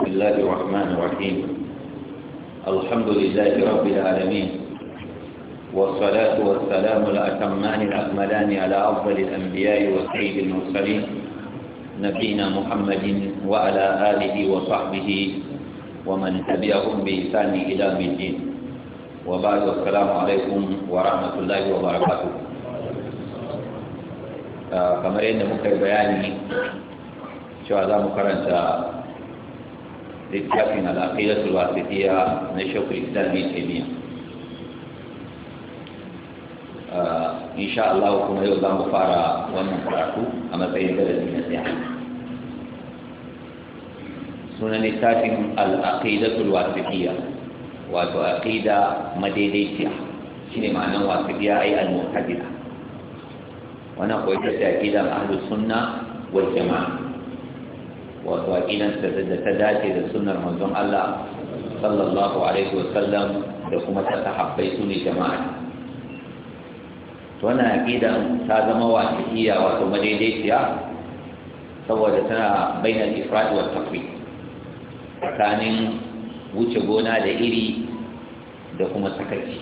بسم الله الرحمن الرحيم الحمد لله رب العالمين والصلاة والسلام الأتمان الأكملان على أفضل الأنبياء وسيد المرسلين نبينا محمد وعلى آله وصحبه ومن تبعهم بإحسان إلى الدين وبعد السلام عليكم ورحمة الله وبركاته kamar yadda muka yi bayani cewa za mu karanta لاتفاق العقيدة الواسطية نشوف الإسلامي الكيمياء آه، إن شاء الله وكما يوضع مفارا ونفرعكو أما بين بلد من الزيان سنة نساك العقيدة الواسطية وهو عقيدة شنو معنى واسطية أي المتحدثة ونقول تأكيدا أهل السنة والجماعة wato aqidan da ta dace da sunnar manzon Allah sallallahu alaihi wasallam da kuma ta sahabbai su ne jama'a to wannan aqidan ta zama wasiya wato madaidaiciya saboda tana bainal ifrad wa takwi, tsakanin wuce gona da iri da kuma sakaci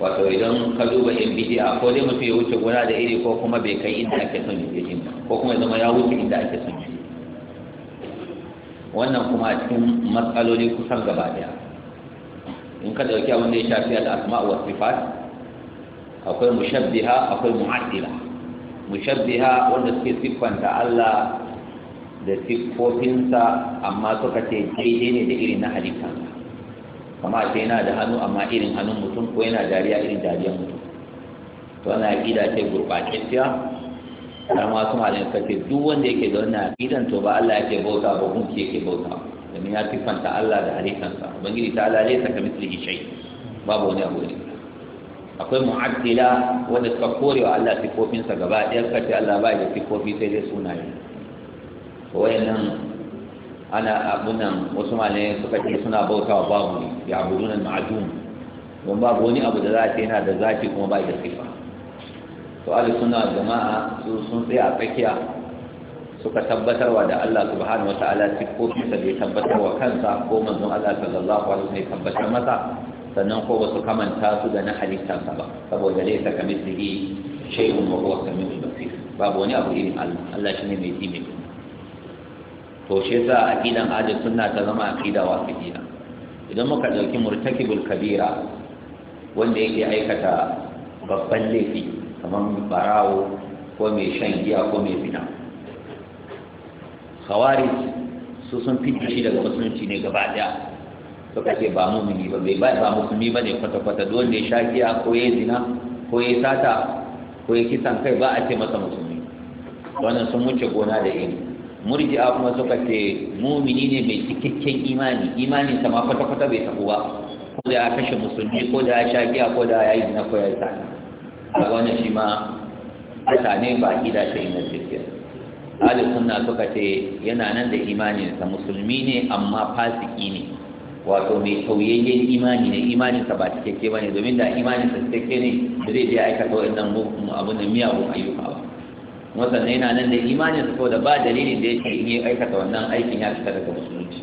wato idan ka duba yan bidiya ko dai mutum ya wuce gona da iri ko kuma bai kai inda ake son ya ko kuma ya zama ya wuce inda ake son wannan kuma a cikin matsaloli kusan gaba daya in ka dauki abin da ya shafi al'asma wa sifat akwai mushabbiha akwai mu'addila mushabbiha wanda suke siffanta Allah da siffofinsa amma suka ce daidai ne da irin na halitta kama ce yana da hannu amma irin hannun mutum ko yana dariya irin dariyar mutum to ana kida ce gurbatacciya har ma su malin kace duk wanda yake da wannan aqidan to ba Allah yake bauta ba gunki yake bauta domin ya fanta Allah da halittarsa ubangiji ta Allah laysa kamithlihi shay babu wani abu ne akwai mu'addila wanda suka kore wa Allah sifofinsa gaba ɗaya suka ce Allah ba da sifofi sai dai sunaye wayannan ana abun nan wasu malai suka ce suna bautawa babu ne ya abudunan ma'adum don babu wani abu da za a ce yana da zafi kuma ba da sifa to ahli sunna jama'a su sun tsaya a tsakiya suka tabbatar wa da Allah subhanahu wataala sifofinsa da tabbatar wa kansa ko manzon Allah sallallahu alaihi wasallam ya tabbatar masa sannan ko ba su kamanta su da na halitta halittarsa ba saboda laysa kamithlihi shay'un wa huwa samiul basir babu wani abu irin Allah Allah shine mai ji mai to shi a aqidan ahli sunna ta zama aqida wasiya idan muka dauki murtakibul kabira wanda yake aikata babban laifi kamar barawo ko mai shan giya ko mai bina khawarij su sun fito shi daga musulunci ne gaba daya suka ce ba mini ba bai ba musulmi bane kwata kwata don ne sha giya ko yayi zina ko yayi sata ko yayi kisan kai ba a ce masa musulmi wannan sun wuce gona da yin. murji'a kuma suka ce mumini ne mai cikakken imani imanin sa ma kwata kwata bai tafi ba ko da ya kashe musulmi ko da ya sha giya ko da ya yi zina ko ya yi sata wani shi ma mutane ne ba gida ta ingantacciya ahalin sunna suka ce yana nan da imaninsa musulmi ne amma fasiki ne wato mai tauyayyen imani ne imaninsa ba cikakke ba ne domin da imaninsa cikakke ne da zai je aikata waɗannan abu da miyagun ayyuka ba wasanne yana nan da imaninsa ko da ba dalilin da yake in yi aikata wannan aikin ya fita daga musulunci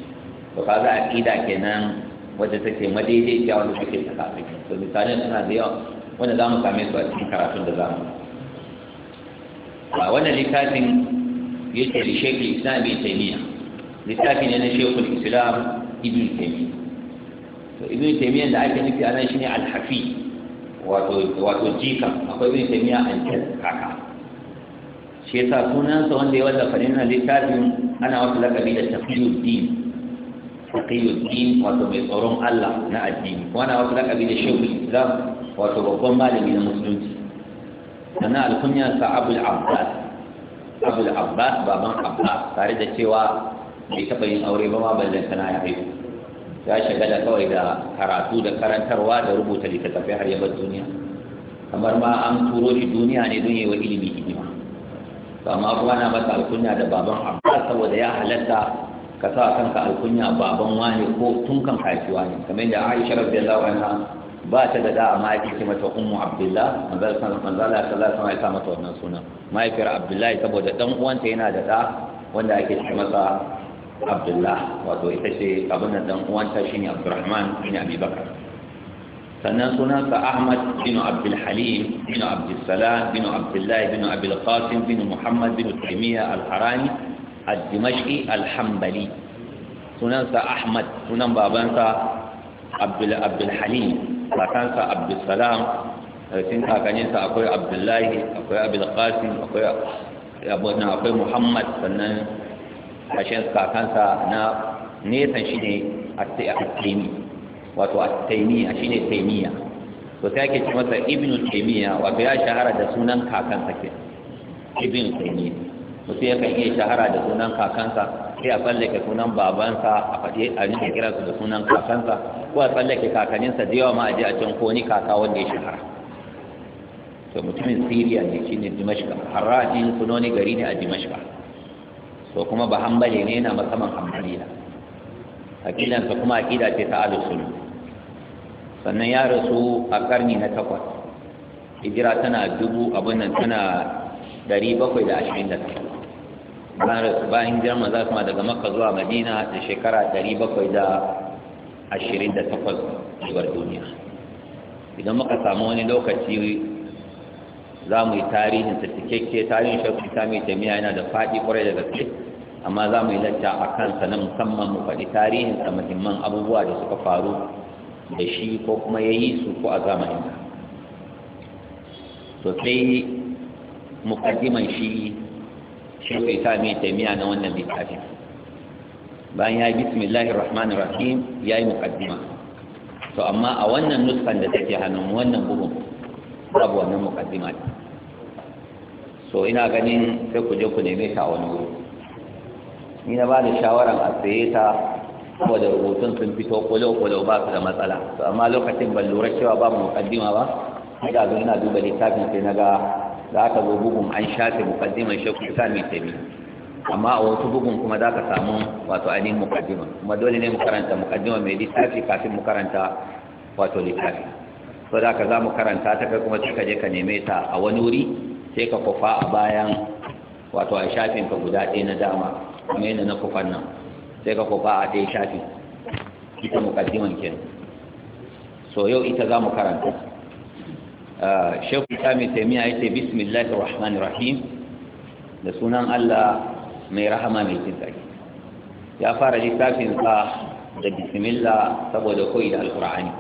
to kaga aqida kenan wadda take madaidaiciya wanda take tsaka to misalin suna da yawa wanda za mu same su a cikin karatun da za mu ba wannan littafin ya ce da shekul islam ibn taimiyya littafin ne na shekul islam ibn taimiyya to ibn taimiyya da ake nufi a nan shine alhafi wato jika akwai ibn taimiyya an kaka shi yasa sunansa wanda ya wata ne na littafin ana wasu lakabi da tafiyuddin taqiyuddin wato mai tsoron Allah na addini wannan wasu lakabi da shehu islam wato babban malami na musulunci sannan alkunya sa abul abbas abul abbas baban abbas tare da cewa bai taɓa yin aure ba ma ballan sana ya haihu ya da kawai da karatu da karantarwa da rubuta littattafai har yabar duniya kamar ma an turo shi duniya ne don yi wa ilimi hidima amma kuma na masa alkunya da baban abbas saboda ya halatta ka sa kanka alkunya baban wani ko tun kan kaciwa ne kamar da Aisha radiyallahu anha ba ta da da amma ake ce mata ummu abdullah manzala sallallahu alaihi wasallam ya sa mata wannan sunan mahaifiyar abdullahi saboda dan uwanta yana da da wanda ake ce masa abdullah wato ita ce abin da dan uwanta shine abdurrahman shine abubakar sannan sunansa ahmad bin abdul halim bin abdul salam bin abdullahi, bin abdul qasim bin muhammad bin taymiya al-harani al-dimashqi al-hanbali sunansa ahmad sunan babansa abdul abdul halim matansa abdul salam sun kakaninsa akwai abdullahi akwai abdul akwai muhammad sannan kashin kakansa na nesan shi ne at-taimi wato at-taimi shine taimiya to sai ake ce masa ibnu taimiya wato ya shahara da sunan kakansa ke ibnu taimiya mutum ya kan iya shahara da sunan kakansa sai a tsallake sunan babansa a faɗi a rinka kira su da sunan kakansa ko a tsallake kakanninsa da yawa ma a je a can koni kaka wanda ya shahara to mutumin siriya ne shi ne dimashka suna sunoni gari ne a dimashka to kuma ba hambali ne yana musamman na? aqidansa kuma aƙida ce ta alusun sannan ya rasu a karni na takwas hijira tana dubu abin nan tana dari bakwai da ashirin da tara bayan za su ma daga maka zuwa madina da shekara ɗari da ashirin 728 shigar duniya idan muka samu wani lokaci za mu yi tarihin ta tarihin shafi ta mai taimiyya yana da faɗi kwarai da gaske amma za mu yi lacca a kansa na musamman mu faɗi tarihin sa muhimman abubuwa da suka faru da shi ko kuma ya yi su ko a zamanin ka sai mukaddiman shi شيخ na wannan أنا Bayan ya yi ياي بسم الله الرحمن الرحيم ياي مقدمة تو أما أولنا النسخة اللي تأتي هنم wannan bugun, رب wannan مقدمات so ina ganin sai ku je ku neme ta wani wuri ni na ba da shawaran a saye ta saboda rubutun sun fito kwalo-kwalo ba su da matsala to amma lokacin ban lura cewa ba mu mukaddima ba ina ina duba littafin sai na ga Za ka zo bugun an shafe muqaddimar shekul ta mai tabi amma a wasu bugun kuma za ka samu wato ainihin muqaddima kuma dole ne mu karanta muqaddima mai littafi kafin mu karanta wato littafi so za ka za mu karanta ta kai kuma sai ka je ka neme ta a wani wuri sai ka kufa a bayan wato a shafin ka guda ɗaya na dama kuma yana na kufan nan sai ka kufa a ɗaya shafin ita muqaddiman kenan so yau ita za mu karanta Eh, shekul kamin taimiyya ya ce bismillahir rahmanir rahim da sunan allah mai rahama mai tsaki ya fara littafinsa da bismillah saboda koyi da alkur'ani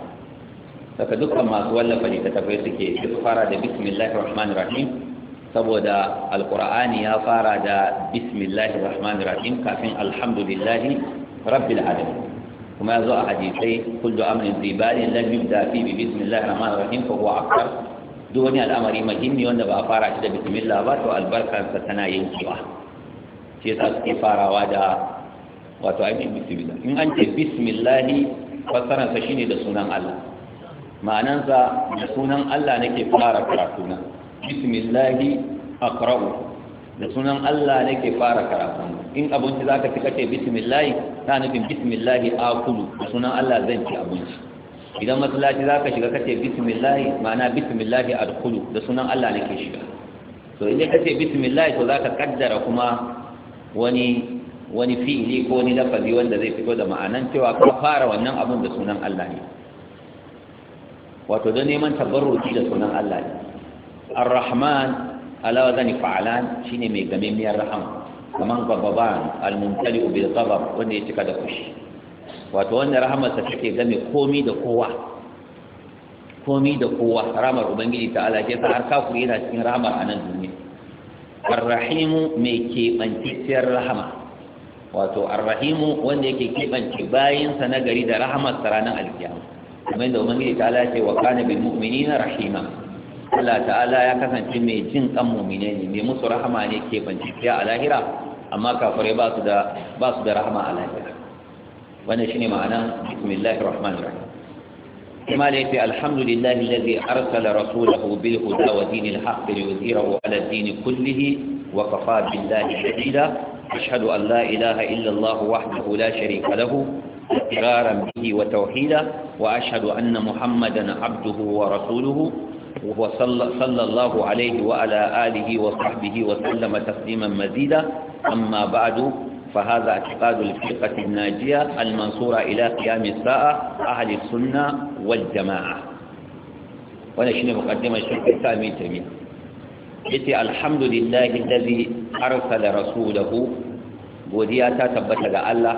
saka dukkan masu wallafa littattafai suke duk fara da bismillahir rahmanir rahim saboda alkur'ani ya fara da bismillahir rahmanir rahim kafin alhamdulillahi rabbil alamin kuma ya zo a hadisai kullu amrin fi balin lam yubda fi bi bismillahir rahmanir rahim fa huwa akbar duk al'amari muhimmi wanda ba fara shi da bismillah ba to albarkarsa tana yankewa shi yasa suke farawa da wato ainihin bismillah in an ce bismillah fassararsa shine da sunan Allah ma'anansa da sunan Allah nake fara karatuna bismillah aqra'u da sunan Allah nake fara karatu in abinci zaka ci kace bismillah ta nufin bismillah akulu da sunan Allah zan ci abinci idan masallaci zaka shiga kace bismillah ma'ana bismillah adkhulu da sunan Allah nake shiga to idan kace bismillah to zaka kaddara kuma wani wani fi'ili ko wani lafazi wanda zai fito da ma'anan cewa ka fara wannan abun da sunan Allah ne wato don neman tabarruki da sunan Allah ne ar-rahman ala wazani fa'alan shine mai gamemmiyar rahama kaman gababan almumtali bil qabab wanda ya cika da kushi wato wannan Rahama ta take game komi da kowa komi da kowa ramar ubangiji ta ala ke har kafiri yana cikin ramar a nan duniya arrahimu mai keɓantacciyar rahama wato arrahimu wanda yake keɓance bayansa na gari da rahamar sa ranar alkiyama kamar da ubangiji ta ala ce wa kana bil mu'minina rahima Allah ta'ala ya kasance mai jin kan mu'mine ne mai musu rahama ne ke banciya a lahira amma kafirai ba su da ba su da rahama a lahira wannan shine ma'ana bismillahir rahmanir rahim كما ليت الحمد لله الذي أرسل رسوله بالهدى ودين الحق ليظهره على الدين كله وكفى billahi شهيدا أشهد أن لا إله إلا الله وحده لا شريك له إقرارا به وتوحيدا وأشهد أن محمدا عبده ورسوله وصلى الله عليه وعلى آله وصحبه وسلم تسليما مزيدا أما بعد فهذا اعتقاد الفرقة الناجية المنصورة إلى قيام الساعة أهل السنة والجماعة ونشن مقدمة الشيخ الثامي تيمية يتي الحمد لله الذي أرسل رسوله وديا تثبت على الله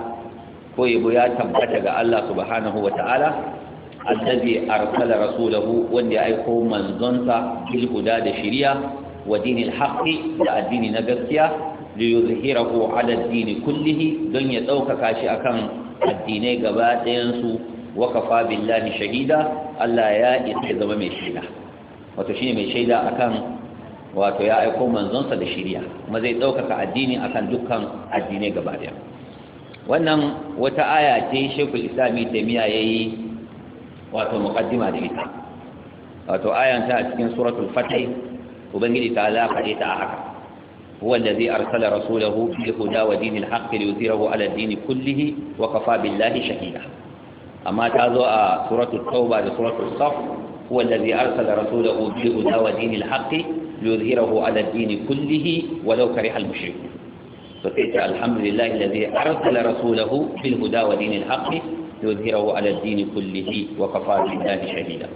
ko yabo ya tabbata ga Allah subhanahu wa ta'ala rasu arsala rasulahu wanda ya aiko manzonsa bil huda da shiriya wa dinil haqqi da addini na gaskiya liyuzhirahu ala ad-din kullihi don ya dauka shi akan addinai gaba ɗayan su wa kafa billahi shahida Allah ya isa zama mai shaida wato shine mai shaida akan wato ya aiko manzonsa da shiriya kuma zai daukaka addini akan dukkan addinai gaba ɗaya wannan wata aya ce Sheikhul da miya yayi wato muqaddima da ita wato ayan ta a cikin suratul fatih ubangiji ta ala faɗe ita a haka huwa allazi arsala rasulahu bil huda wa dinil haqq li yuthirahu ala din kullihi wa kafa billahi shahida amma ta zo a suratul tauba da suratul saf huwa allazi arsala rasulahu huda wa dinil haqq li yuthirahu ala din kullihi wa law ولو al mushrikun فقلت الحمد لله الذي أرسل رسوله بالهدى ودين الحق yuzhiru ala ad-din kullihi wa kafa billahi shahida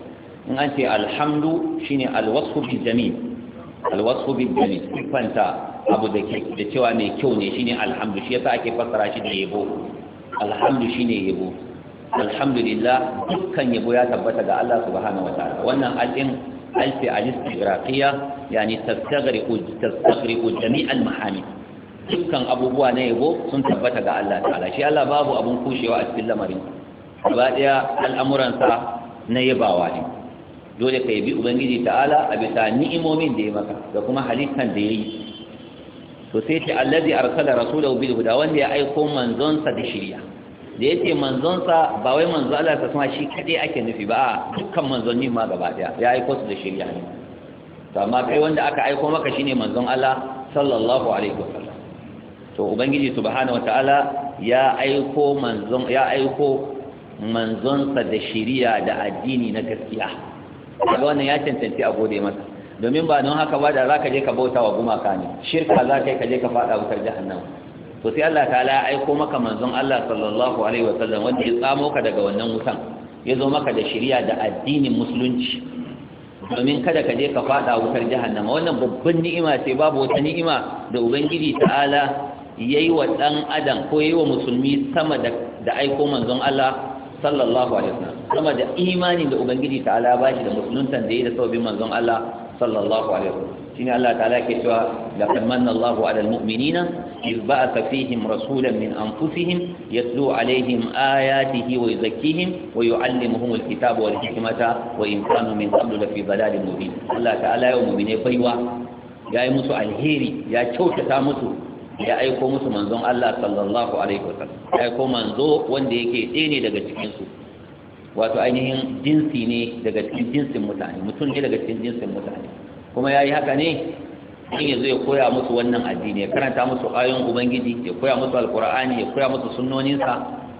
in an ce alhamdu shine alwasfu bil jamil alwasfu bil jamil fanta abu da da cewa mai kyau ne shine alhamdu shi yasa ake fassara shi da yabo alhamdu shine yabo alhamdulillah dukkan yabo ya tabbata ga Allah subhanahu ta'ala. wannan al'in ألف الاستغراقية يعني تستغرق تستغرق جميع المحامي dukkan abubuwa na yabo sun tabbata ga Allah ta'ala shi Allah babu abun kushewa a cikin lamarin gaba ɗaya al'amuransa na yabawa ne dole ka yabi ubangiji ta'ala a bisa ni'imomin da ya maka da kuma halittar da ya yi to sai ce allazi arsala rasulahu bil huda wanda ya aiko manzonsa da shirya da yace manzonsa ba wai manzo Allah ta kuma shi kade ake nufi ba dukkan manzonni ma gaba ɗaya ya aiko su da shirya ne to amma kai wanda aka aiko maka shine manzon Allah sallallahu alaihi wasallam to ubangiji subhanahu wataala ya aiko manzon ya aiko manzonsa da shiriya da addini na gaskiya daga wannan ya cancanci a gode masa domin ba don haka ba da za ka je ka bauta wa gumaka ne shirka za ka yi ka je ka faɗa wutar jahannama to sai Allah Ta'ala ya aiko maka manzon Allah sallallahu alaihi wa sallam wanda ya tsamo ka daga wannan wutan ya zo maka da shiriya da addinin musulunci domin kada ka je ka faɗa wutar jahannama wannan babban ni'ima ce babu wata ni'ima da ubangiji ta'ala yayi wa dan adam ko yayi wa musulmi sama da aiko manzon Allah sallallahu alaihi wasallam kuma da imanin da ubangiji ta'ala ba shi da musuluntan da yi da sabbin manzon Allah sallallahu alaihi wasallam shine Allah ta'ala ke cewa laqad manna Allahu 'alal mu'minina iz ba'atha fihim rasulan min anfusihim yatlu 'alayhim ayatihi wa yuzakkihim wa yu'allimuhum al wal hikmata wa in kanu min qablu lafi dhalalin mubin Allah ta'ala ya mu'mine baiwa yayi musu alheri ya kyautata musu ya aiko musu manzon Allah sallallahu alaihi wasallam aiko manzo wanda yake dane daga cikin su wato ainihin jinsi ne daga cikin jinsin mutane mutum ne daga cikin jinsin mutane kuma yayi haka ne in ya ya koya musu wannan addini ya karanta musu ayoyin ubangiji ya koya musu alqur'ani ya koya musu sunnoninsa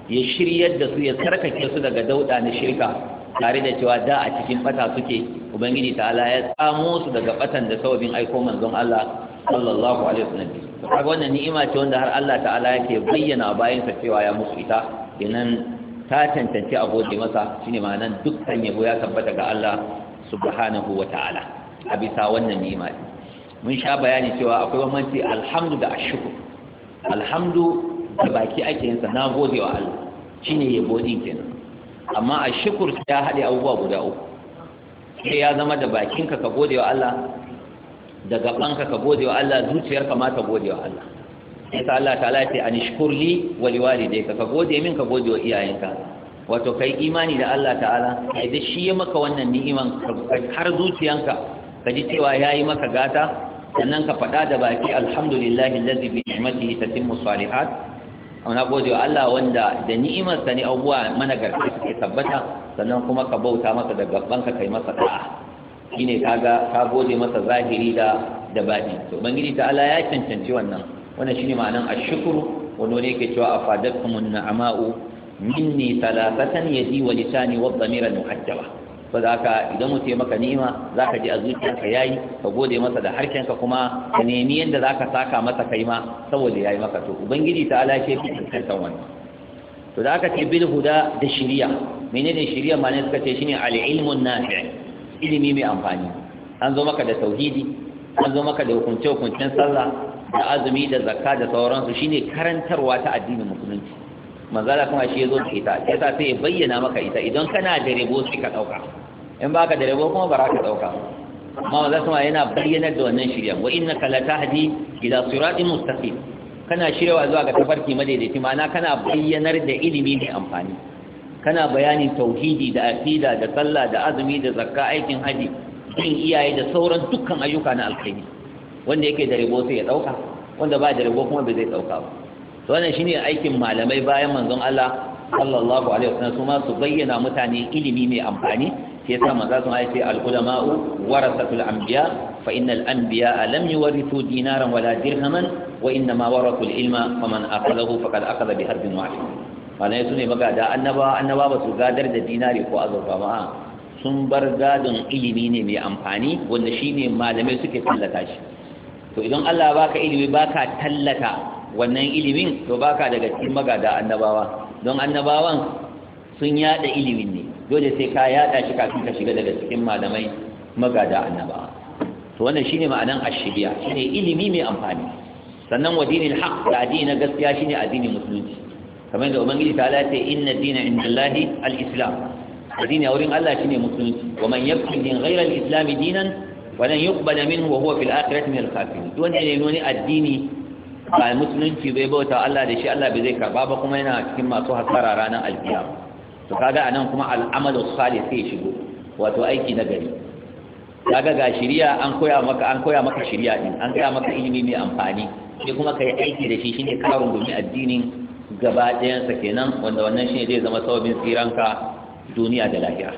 ya shiryar da su ya sarkake su daga dauda na shirka tare da cewa da a cikin bata suke ubangiji ta'ala ya tsamo su daga batan da sababin aiko manzon Allah sallallahu alaihi wasallam to kaga wannan ni'ima ce wanda har Allah ta'ala yake bayyana bayan sa cewa ya musu ita idan ta tantance a gode masa shine ma'anan dukkan yabo ya tabbata ga Allah subhanahu wa ta'ala a bisa wannan ni'ima mun sha bayani cewa akwai bambanci alhamdu da ashkur alhamdu da baki ake yin sa nagode wa Allah shine yabo din kenan amma ashkur ya hade abubuwa guda uku sai ya zama da bakinka ka gode wa Allah Daga gabanka ka gode wa Allah zuciyarka ma ta gode wa Allah yasa Allah ta'ala ce an shkurli wa liwalidayka ka gode min ka gode wa iyayenka wato kai imani da Allah ta'ala kai shi ya maka wannan ni'iman har zuciyanka ka ji cewa yayi maka gata sannan ka faɗa da baki alhamdulillahi allazi bi ni'matihi tatimmu salihat na gode wa Allah wanda da ni'imarsa ne abubuwa managarta suke tabbata sannan kuma ka bauta masa da gabanka kai masa ta'a? shine kaga ka gode masa zahiri da da baɗi to ubangiji ta'ala ya cancanci wannan wannan shine a shukuru wani wani yake cewa afadakumun ni'ama'u minni ya ji wa lisani wa dhamira muhajjaba ba za ka idan mutum maka ni'ima za ka ji a zuciyarka yayi ka gode masa da harshenka kuma ka nemi yadda za ka saka masa kai ma saboda yayi maka to ubangiji ta ala ce fi kankan wani to da aka ce bil huda da shiriya menene shiriya ma ne suka ce shine al ilmun nafi' ilimi mai amfani an zo maka da tauhidi an zo maka da hukunce hukuncen sallah da azumi da zakka da sauransu shine karantarwa ta addinin musulunci manzala kuma shi yazo da ita sai ta sai bayyana maka ita idan kana da rebo sai ka dauka in baka da rebo kuma ba za ka dauka amma manzala kuma yana bayyana da wannan shirya wa innaka la tahdi ila siratin mustaqim kana shiryawa zuwa ga tafarki madaidaici, ma'ana kana bayyanar da ilimi mai amfani kana bayanin tauhidi da aqida da sallah da azumi da zakka aikin haji bin iyaye da sauran dukkan ayyuka na alkhairi wanda yake da rabo sai ya dauka wanda ba da rabo kuma bai zai dauka ba to wannan shine aikin malamai bayan manzon Allah sallallahu alaihi wasallam su ma su bayyana mutane ilimi mai amfani Ke sa manzo sun ce al ulama'u warasatul anbiya fa innal anbiya lam yuwarithu dinaran wala dirhaman wa innama warathu al ilma faman akhadahu faqad akhadha bi harbin wahid malai su ne magada annaba annaba ba su gadar da dinari ko azurfa ba sun bar gadon ilimi ne mai amfani wanda shine malamai suke tallata shi to idan Allah baka ilimi baka tallata wannan ilimin to ka daga cikin magada annabawa don annabawan sun yada ilimin ne dole sai ka yada shi kafin ka shiga daga cikin malamai magada annabawa to wannan shine ma'anan ashiriya shine ilimi mai amfani sannan wa dinin haqq da addini na gaskiya shine addinin musulunci kamar da ubangiji ta ala ce inna dina indallahi al-islam addini a wurin Allah shi ne musulunci wa man yabqa din ghayra al-islam dinan wa lan yuqbala min wa huwa fil akhirati min al-kafirin duk ne nuni addini ba musulunci bai bauta Allah da shi Allah bai zai karɓa ba kuma yana cikin masu hasara ranar alkiyama to kaga nan kuma al'amalu salih sai shigo wato aiki na gari kaga ga shiriya an koya maka an koya maka shiriya din an koya maka ilimi mai amfani sai kuma kai aiki da shi shine karin domin addinin gaba ɗayansa kenan wanda wannan shi zai zama sababin tsiranka duniya da lahira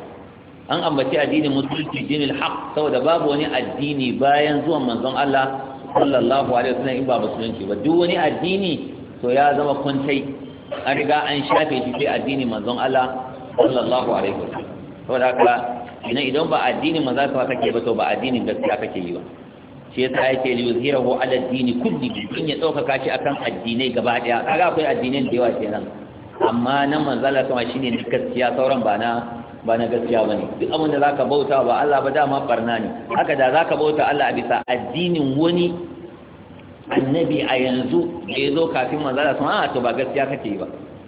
an ambaci addinin musulci dinil haq saboda babu wani addini bayan zuwan manzon Allah sallallahu alaihi wasallam in ba musulunci ba duk wani addini to ya zama kuntai an riga an shafe shi sai addinin manzon Allah sallallahu alaihi wasallam saboda haka idan ba addinin manzon Allah kake ba to ba addinin gaskiya kake yi ba shi yasa yake li yuzhirahu ala dini kulli in ya daukaka shi akan addinai gaba daya kaga akwai addinai da yawa kenan amma nan manzala kuma shine ne gaskiya sauran ba na ba na gaskiya bane duk abin da zaka bauta ba Allah ba dama barna ne haka da zaka bauta Allah a bisa addinin wani annabi a yanzu da ya zo kafin manzala kuma a ah, to ba gaskiya kake ba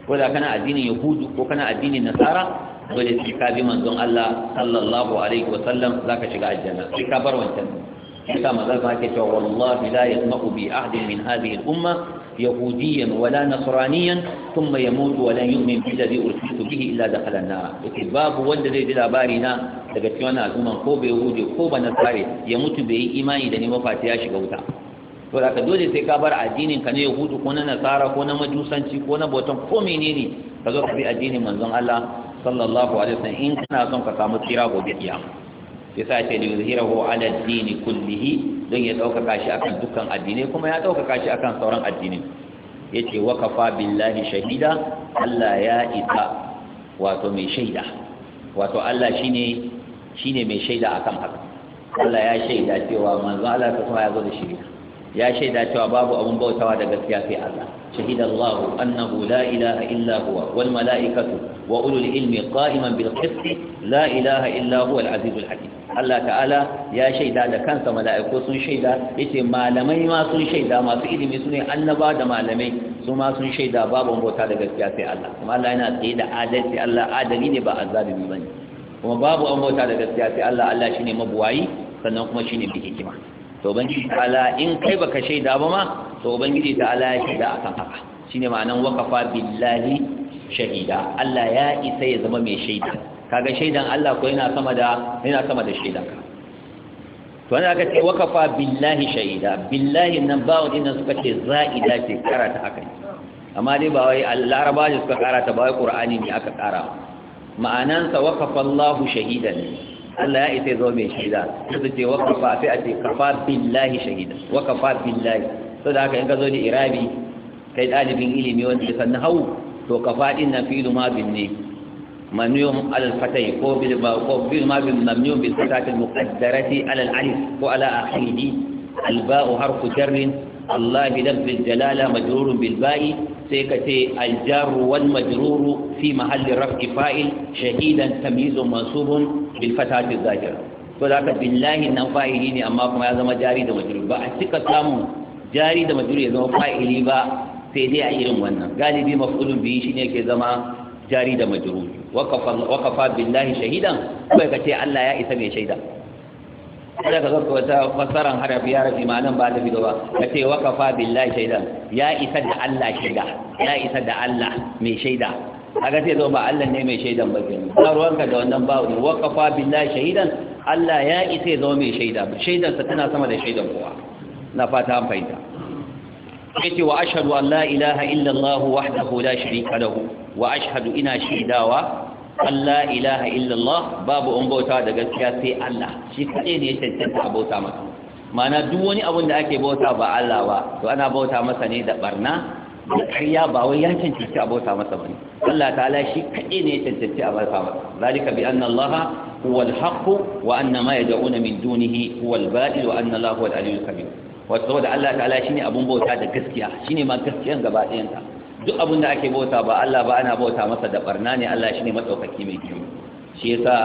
ko da kana addinin yahudu ko kana addinin nasara dole sai ka bi manzon Allah sallallahu alaihi wasallam zaka shiga aljanna sai ka bar wancan Isa manzon sa yake cewa wallahi la yasma'u bi ahadin min hadhihi al-umma yahudiyan wala nasraniyan thumma yamut wa la yu'min billadhi ursiltu bihi illa dakhala an-nar yake babu wanda zai ji labari na daga cikin wannan al'umma ko bai huje ko ba nasare ya mutu bai yi imani da ni mafati ya shiga wuta to da ka dole sai ka bar addinin ka ne yahudu ko na nasara ko na majusanci ko na botan ko menene ka zo ka bi addinin manzon Allah sallallahu alaihi wasallam in kana son ka samu tsira gobe kiyama ya sa ce liyuzhirahu ala ad-din kullihi don ya ɗaukaka shi akan dukkan addinai kuma ya ɗaukaka shi akan sauran addinai yace wa kafa billahi shahida Allah ya isa wato mai shaida wato Allah shine shine mai shaida akan haka Allah ya shaida cewa manzo Allah ta kuma ya zo da shirka ya shaida cewa babu abun bautawa da gaskiya sai Allah shahida Allah annahu la ilaha illa huwa wal malaikatu wa ulul ilmi qa'iman bil qist la ilaha illa huwa al Allah ta'ala ya shaida da kansa mala'iku sun shaida yace malamai ma sun shaida masu ilimi su ne annaba da malamai su ma sun shaida babu bauta da gaskiya sai Allah kuma Allah yana tsaye da adalci Allah adali ne ba azabi bane kuma babu an bauta da gaskiya sai Allah Allah shine mabuwayi sannan kuma shine bi hikima to ubangiji ta'ala in kai baka shaida ba ma to ubangiji ta'ala ya shaida akan haka shine ma'anan waqafa billahi shahida Allah ya isa ya zama mai shaida kaga shaidan Allah ko yana sama da yana sama da shaidan to ana ga cewa kafa billahi shaida billahi nan ba wani nan suka ce za'ida ce karata haka amma dai ba wai al-araba ne suka karata ba wai qur'ani ne aka kara ma'anan sa waqafa Allahu shahidan Allah ya isa ya zama mai shaida sai ce waqafa sai a ce kafa billahi shahidan waqafa billahi saboda haka in ka zo da irabi kai dalibin ilimi wanda ya san hawu. to kafa din na fi ma bin ne mamnun alal fatai ko bil ma bin mamnun bil fatati muqaddarati alal alif ko ala akhiri al ba'u harfu jar Allah bidan bil jalala majrurun bil ba'i sai ka ce al jar wal majrur fi mahalli raf'i fa'il shahidan tamyizun mansubun bil fatati zahira to da ka billahi nan fa'ili ne amma kuma ya zama jari da majrur ba a cika samu jari da majrur ya zama fa'ili ba sai dai a irin wannan galibi maf'ulun shi ne ke zama jari da majrur wa kafa billahi shahidan Kuma ka ce Allah ya isa mai shaida kada ka zaka wata fasaran harafi ya rafi malan ba ta bi gaba ka ce wa billahi shaidan ya isa da Allah shaida ya isa da Allah mai shaida kaga sai zo ba Allah ne mai shaidan ba kenan na ka da wannan ba ne wa kafa billahi shahidan Allah ya isa zo mai shaida shaidan sa tana sama da shaidan kowa na fata an fahimta yace wa ashhadu an la ilaha illa allah wahdahu la sharika lahu wa ashhadu ina shaidawa an la ilaha illa allah babu an bauta da gaskiya sai Allah shi kadai ne ya tantance abota masa mana duk wani abun da ake bauta ba Allah ba to ana bauta masa ne da barna da ƙarya ba wai ya cancanci a bauta masa bane Allah ta'ala shi kaɗai ne ya tantance a bauta masa zalika bi anna Allah huwa al-haqq wa anna ma yad'una min dunihi huwa al-batil wa anna Allah huwa al-aliyyul kabir wato saboda Allah ta'ala shine abun bauta da gaskiya shine ma gaskiyan gaba ɗayan ta duk abun da ake bauta ba Allah ba ana bauta masa da barna ne Allah shine madaukaki mai kyau shi yasa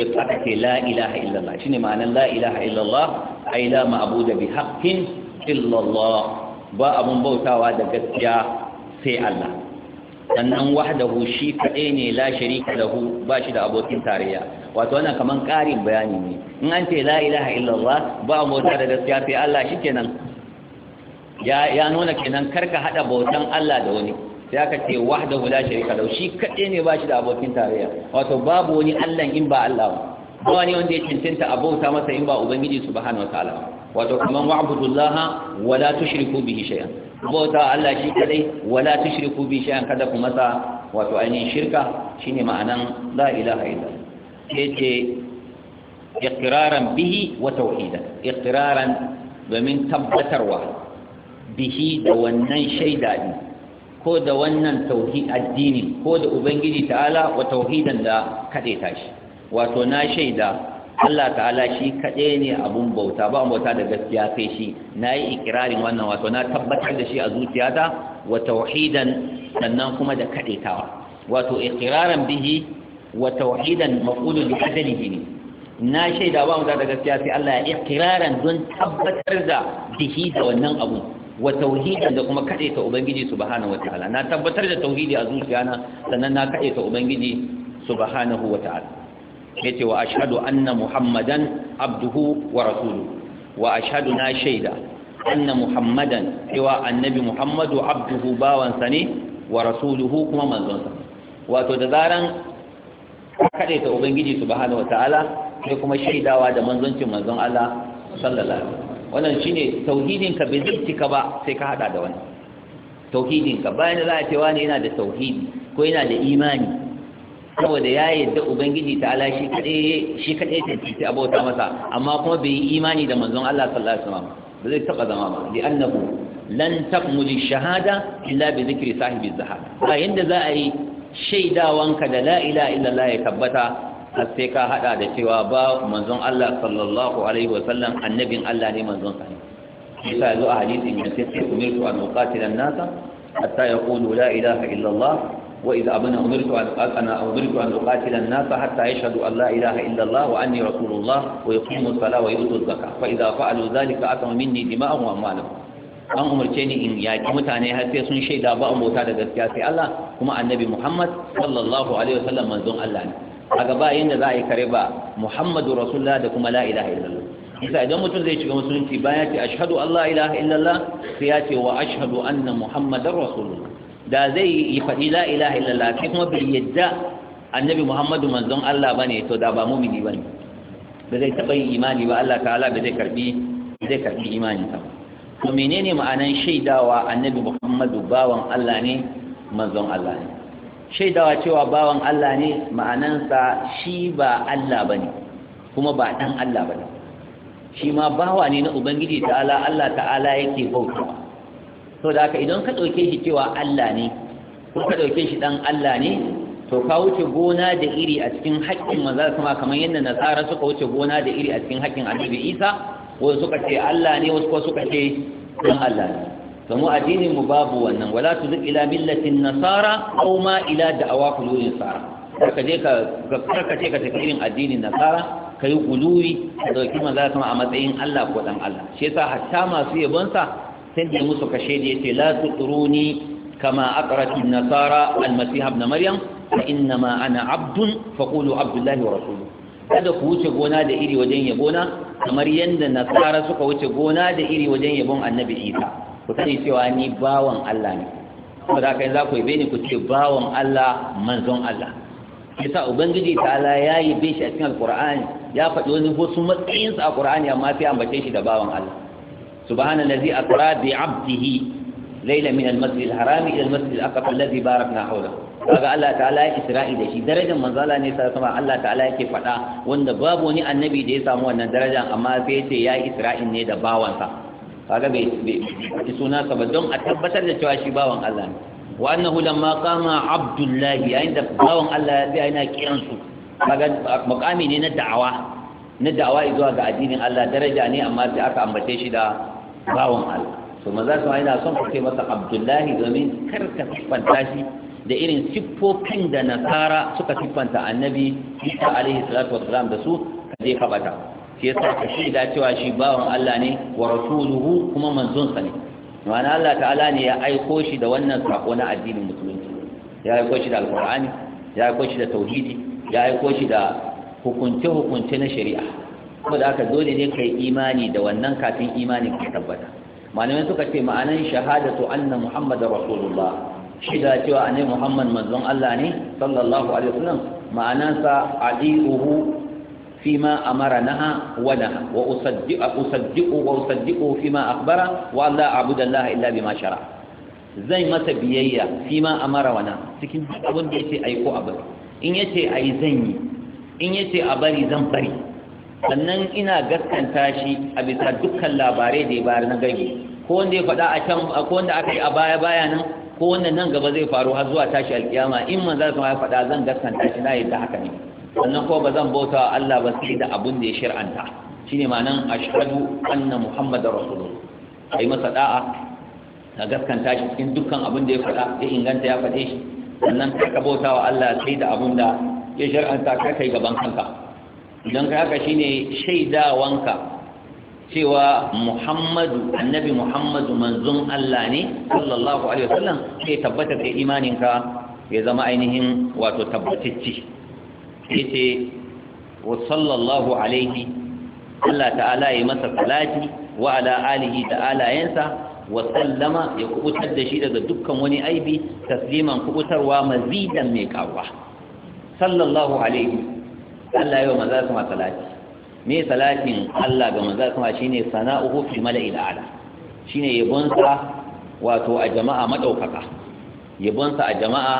ya saka ke la ilaha illallah shine ma'anar la ilaha illallah ai la ma'budu bi haqqin illallah ba abun bautawa da gaskiya sai Allah sannan wahdahu shi kaɗai ne la sharika lahu ba shi da abokin tarayya wato wannan kaman ƙarin bayani ne in an ce la ilaha illallah ba bauta da gaskiya sai Allah shikenan ya ya nuna kenan karka hada bautan Allah da wani sai aka ce wahdahu la sharika lahu shi kaɗai ne ba shi da abokin tarayya wato babu wani Allah in ba Allah ba wani wanda ya cancanta abota masa in ba ubangiji subhanahu wataala wato kaman wa'budullaha wala tushriku bihi shay'an bauta Allah shi kadai wala tushriku bihi shay'an kada ku masa wato ainihin shirka shine ma'anan la ilaha illa yace iqraran bihi wa tauhidan iqraran domin tabbatarwa bihi da wannan shaida din ko da wannan tauhid addini ko da ubangiji ta'ala wa tauhidan da kadai tashi wato na shaida Allah ta'ala shi kaɗai ne abun bauta ba bauta da gaskiya sai shi na yi ikirarin wannan wato na tabbatar da shi a zuciyata wa tauhidan sannan kuma da kaɗaitawa wato ikiraran bihi wa tauhidan maqulun bi ajalihi ne na shaida ba bauta da gaskiya sai Allah ya ikiraran don tabbatar da bihi da wannan abu wa tauhidan da kuma kaɗaita ubangiji subhanahu wataala na tabbatar da tauhidi a zuciyana sannan na kaɗaita ubangiji subhanahu wataala yace wa ashhadu anna muhammadan abduhu wa rasuluhu wa ashhadu na shaida anna muhammadan cewa annabi muhammadu abduhu bawansa ne wa rasuluhu kuma manzonsa wato da zaran kaɗai ta ubangiji subhanahu wataala sai kuma shaidawa da manzoncin manzon Allah sallallahu alaihi wannan shine tauhidin ka bai zai cika ba sai ka hada da wani. tauhidin ka bayan za a ce wani yana da tauhidi ko yana da imani saboda ya yadda ubangiji ta ala shi kaɗai shi kadai tantance abota masa amma kuma bai yi imani da manzon Allah sallallahu alaihi wasallam ba zai taba zama ba li annahu lan takmul shahada illa bi zikri sahibi zahab a yanda za a yi shaidawanka da la ilaha Allah ya tabbata har sai ka hada da cewa ba manzon Allah sallallahu alaihi wasallam annabin Allah ne manzon sa yasa zo a hadisi ne sai umirtu an uqatila an-nasa hatta yaqulu la ilaha Allah. وإذا أبنا أمرت أن أنا أمرت أن أقاتل الناس حتى يشهدوا أن لا إله إلا الله وأني رسول الله ويقيموا الصلاة ويؤتوا الزكاة فإذا فعلوا ذلك أتوا مني دماءهم وأموالهم an umarce ni in yaƙi mutane har sai sun shaida ba a mota da gaskiya sai Allah kuma annabi Muhammad sallallahu alaihi wasallam manzon Allah ne A gaba yanda za a yi kare ba Muhammadu Rasulullah da kuma la ilaha illallah isa idan mutum zai shiga musulunci bayan ya ce ashhadu an la ilaha illallah sai ya ce wa ashhadu anna Muhammadar Rasulullah da zai yi faɗi la ilaha illallah sai kuma bai yadda annabi muhammadu manzon Allah bane to da ba mumini bane ba zai taɓa yi imani ba Allah ta'ala ba zai karɓi zai karbi imani ba to menene ma'anan shaidawa annabi muhammadu bawan Allah ne manzon Allah ne shaidawa cewa bawan Allah ne ma'anansa shi ba Allah ba ne, kuma ba ɗan Allah bane shi ma bawa ne na ubangiji ta'ala Allah ta'ala yake bautawa da haka idan ka ɗauke shi cewa Allah ne ko ka ɗauke shi ɗan Allah ne to ka wuce gona da iri a cikin haƙƙin manzara sama kamar yadda nasara suka wuce gona da iri a cikin haƙƙin annabi isa wasu suka ce Allah ne wasu suka ce ɗan Allah ne to mu addinin mu babu wannan wala tuzu ila millatin nasara aw ma ila da'awa kullurin nasara, ka je ka karkace ka tafi irin addinin nasara ka yi guluwi da dauki manzo sama a matsayin Allah ko dan Allah shi yasa hatta masu yabonsa sai da musu kashe da yace la tutruni kama aqrat an-nasara al-masih ibn maryam fa inna ma ana abdun fa abdullahi wa rasuluhu kada ku wuce gona da iri wajen yabona kamar yanda nasara suka wuce gona da iri wajen yabon annabi isa ku sani cewa ni bawan Allah ne saboda kai za ku yabe ni ku ce bawan Allah manzon Allah yasa ubangiji ta'ala yayi be a cikin alqur'ani ya faɗi wani wasu matsayinsa a qur'ani amma sai ambace shi da bawan Allah subhanallazi asra bi 'abdihi ليلة من المسجد الحرام إلى المسجد الأقصى الذي باركنا حوله kaga Allah ta'ala ya isra'i da shi darajar manzala ne sai kuma Allah ta'ala yake faɗa wanda babu wani annabi da ya samu wannan darajar amma sai ce ya Isra'il ne da bawansa kaga bai bai suna sa ba don a tabbatar da cewa shi bawan Allah ne wa annahu lamma qama abdullahi yayin da bawan Allah ya tsaya yana kiran su kaga makami ne na da'awa na da'awa zuwa ga addinin Allah daraja ne amma sai aka ambace shi da Bawon Allah to maza su yana son ku kai masa Abdullahi domin kar ka siffanta shi da irin siffofin da nasara suka siffanta annabi Isa alaihi salatu wassalam da su ka je ka bata shi yasa ka shaida cewa shi bawan Allah ne wa rasuluhu kuma manzon sa ne ma'ana Allah ta'ala ne ya aiko shi da wannan sako na addinin musulunci ya aiko shi da alqur'ani ya aiko shi da tauhidi ya aiko shi da hukunce hukunce na shari'a saboda aka dole ne kai imani da wannan kafin imanin ka tabbata malamai suka ce ma'anan shahadatu anna muhammadar rasulullah shida cewa annabi muhammad manzon Allah ne sallallahu alaihi wasallam ma'anansa adiuhu فيما أمرنها ونهى وأصدق أصدق وأصدق فيما أخبر ولا أعبد الله shara. بما شرع biyayya fi ma فيما أمر ونهى cikin abin da yace ai ko abar in yace zan yi. in yace bari zan bari sannan ina gaskanta shi a bisa dukkan labarai da ya bayar na gari ko wanda ya faɗa a can ko wanda aka yi a baya baya nan ko wanda nan gaba zai faru har zuwa tashi alkiyama in man za su ma faɗa zan gaskanta shi na yadda haka ne sannan ko ba zan bauta wa Allah ba sai da abun da ya shir'anta shine ma'anan ashhadu anna muhammadar rasulullah ai masa da'a na gaskanta shi cikin dukkan abun da ya faɗa ya inganta ya faɗe shi sannan ka bauta wa Allah sai da abun da ya shir'anta ka kai gaban kanka idan ka haka shine shaidawanka cewa muhammadu annabi muhammadu manzon Allah ne sallallahu alaihi wasallam sai tabbata da imaninka ya zama ainihin wato tabbatacci. yace wa sallallahu alaihi Allah ta'ala ya masa salati wa ala alihi da alayensa wa sallama ya kubutar da shi daga dukkan wani aibi tasliman kubutarwa mazidan mai karuwa sallallahu alaihi Allah yi yau manzo sama salati me salatin Allah ga manzo sama shine sana'uhu fi mala'il ala shine yabon sa wato a jama'a maɗaukaka, yabon sa a jama'a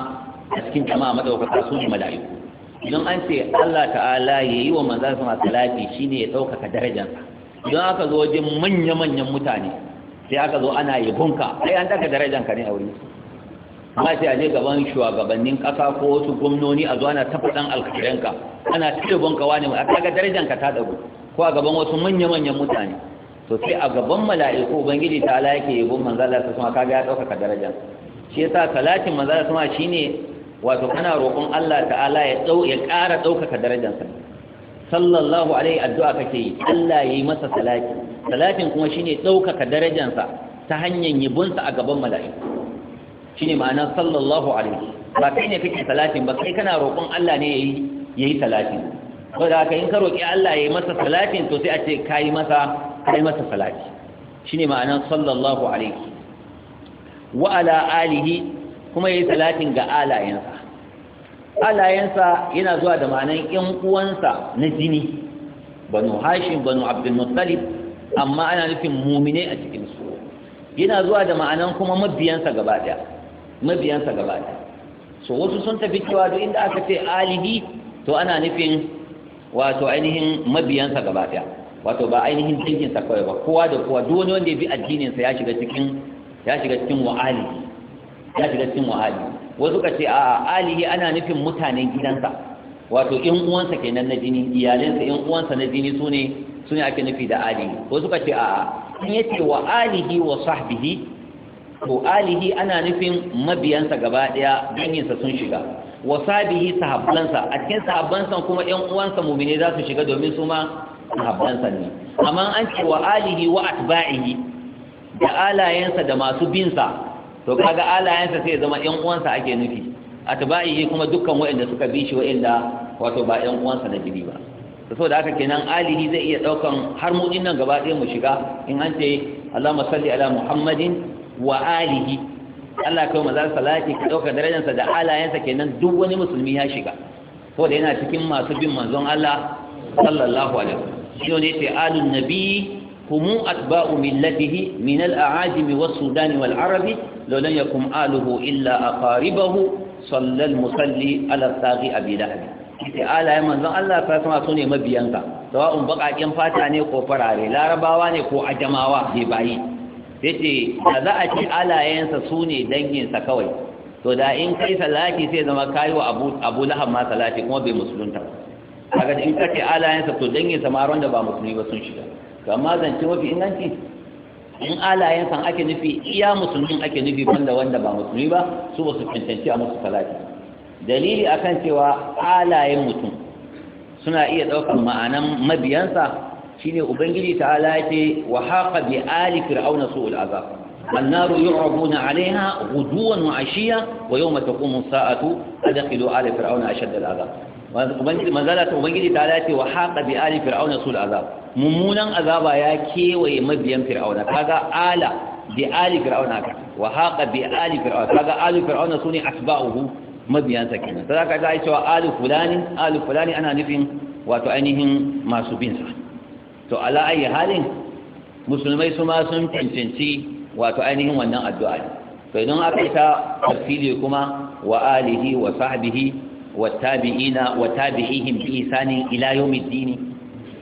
a cikin jama'a maɗaukaka su ne mala'iku idan an ce Allah ta'ala yi wa manzo sama salati shine ya ɗaukaka darajansa, idan aka zo wajen manya-manyan mutane sai aka zo ana yabonka ai an daga darajanka ne a wurin su ba sai aje gaban shugabannin ƙasa ko wasu gwamnoni a zuwa na tafaɗan faɗan alkhairanka ana cire gwanka wani a kaga darajanka ta ɗagu ko a gaban wasu manya-manyan mutane to sai a gaban mala'iku ubangiji ta ala yake yabon manzala ta suma kaga ya ɗaukaka daraja shi yasa talatin manzala shi shine wato kana roƙon Allah ta'ala ya ɗau ya ƙara ɗaukaka darajansa? sallallahu alaihi addu'a kake yi Allah yi masa talatin. Talatin kuma shine ɗaukaka darajansa ta hanyar yibunsa a gaban mala'iku shine ma'ana sallallahu alaihi ba kai ne kake salatin ba kai kana roƙon Allah ne yayi yayi salatin ko da haka in ka roƙi Allah yayi masa salatin to sai a ce kai masa kai masa salati shine ma'anan sallallahu alaihi wa ala alihi kuma yayi salatin ga alayensa alayensa yana zuwa da ma'anan 'yan uwansa na jini banu hashim banu abdul muttalib amma ana nufin mumine a cikin su yana zuwa da ma'anan kuma mabiyansa gaba daya mabiyansa gaba ɗaya so wasu sun tafi cewa duk inda aka ce alihi, to ana nufin wato ainihin mabiyansa gaba ɗaya wato ba ainihin sa kawai ba kowa da kowa duk wani wanda ya bi addininsa ya shiga cikin ya shiga cikin wa'ali ya shiga cikin wa'ali wasu ka ce a'a alihi ana nufin mutanen gidansa wato in uwansa kenan na jini iyalansa in uwansa na jini sune sune ake nufi da alihi wasu ka ce a'a in yace wa alihi wa sahbihi to alihi ana nufin mabiyansa gaba ɗaya ganyinsa sun shiga wa sabihi sahabbansa a cikin sahabbansa kuma ƴan uwansa mu'mine za su shiga domin su ma sahabbansa ne amma an ce wa alihi wa atba'ihi da alayensa da masu binsa to kaga alayensa sai zama ƴan uwansa ake nufi atba'ihi kuma dukkan waɗanda suka bi shi waɗanda wato ba ƴan uwansa na gidi ba so da haka kenan alihi zai iya daukan har mu nan gaba ɗaya mu shiga in an ce Allahumma salli ala Muhammadin wa alihi Allah kai maza salati ka dauka darajarsa da halayensa kenan duk wani musulmi ya shiga saboda yana cikin masu bin manzon Allah sallallahu alaihi wasallam shi ne ce alun nabi هم أتباع ملته من الأعاجم والسودان والعرب لو لم يكن آله إلا أقاربه صلى المصلي على الطاغي أبي لهب ala ya manzon Allah ta sama su ne mabiyanka sawa'un baƙaƙen fata ne ko farare larabawa ne ko ajamawa bai bayi yace da za a ci alayensa su ne danginsa kawai to da in kai salati sai zama yi wa abu abu lahab ma salati kuma bai musulunta kaga in ce alayensa to danginsa ma ran da ba musulmi ba sun shiga to amma zance mafi inganci in alayensa ake nufi iya musulmin ake nufi banda wanda ba musulmi ba su ba su cancanci a musu salati dalili akan cewa alayen mutum suna iya ɗaukar ma'anan mabiyansa shine ubangiji ta'ala yake wa haqa bi ali fir'auna su'ul azab an naru yu'rabuna 'alayha ghuduwan wa 'ashiyya wa yawma taqumu sa'atu adkhilu ali fir'auna ashadda al'azab ubangiji mazala ta ubangiji wa haqa bi ali fir'auna su'ul azab mummunan azaba ya kewaye mabiyan fir'auna kaga ala bi ali fir'auna ka wa haqa bi ali fir'auna kaga ali fir'auna suni asba'uhu mabiyan sa kenan kaga ai cewa ali fulani ali fulani ana nufin wato ainihin masu bin to ala ayi halin musulmai su ma sun cancanci wato ainihin wannan addu'a to idan aka yi ta tafsiri kuma wa alihi wa sahbihi wa tabi'ina wa tabi'ihim bi isanin ila yawmiddin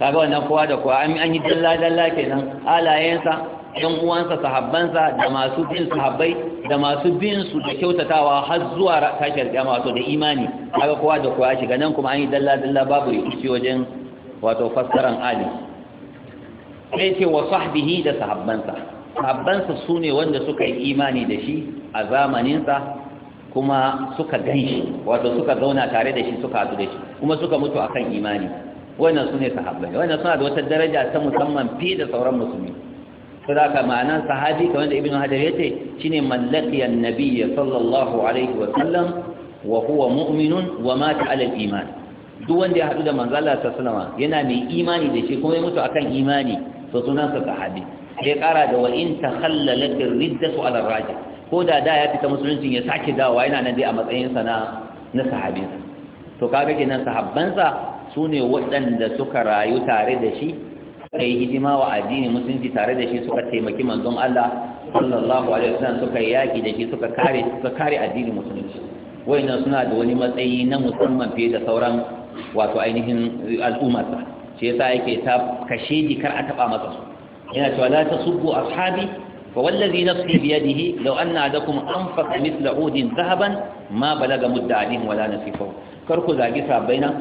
kaga wannan kowa da kowa an yi dalla dalla kenan alayensa yan uwansa sahabbansa da masu bin sahabbai da masu bin su da kyautatawa har zuwa tashar kiyama wato da imani kaga kowa da kowa shiga nan kuma an yi dalla dalla babu rikici wajen wato fassaran ali sai ce wa sahbihi da sahabbansa sahabbansa su ne wanda suka yi imani da shi a zamaninsa kuma suka shi, wato suka zauna tare da shi suka hadu da shi kuma suka mutu akan imani wannan su ne sahabbai wannan suna da wata daraja ta musamman fi da sauran musulmi su da ka ma'anan sahabi kamar da ibn hajar yace shine mallakiyar ya sallallahu alaihi wa sallam wa huwa mu'minun wa mata ala iman duk wanda ya hadu da manzo ta sallallahu yana mai imani da shi kuma ya mutu akan imani to sunansa sahabi sai kara da wa in takhallalat ar-riddatu ala ko da da ya fita musulunci ya sake dawowa yana nan dai a matsayin na na sahabinsa to kaga kenan sahabbansa sune waɗanda suka rayu tare da shi suka yi hidima wa addini musulunci tare da shi suka taimaki manzon Allah sallallahu alaihi wasallam suka yaki da shi suka kare suka kare addinin musulunci wayannan suna da wani matsayi na musamman fiye da sauran wato ainihin al'ummarsa shi yasa yake ta kashe di kar a taba masa su yana cewa la tasubbu ashabi fa wallazi nafsi bi yadihi law anna adakum anfaqa mithla udin dhahaban ma balaga mudda'ihim wala nasifahu kar ku zagi sabaina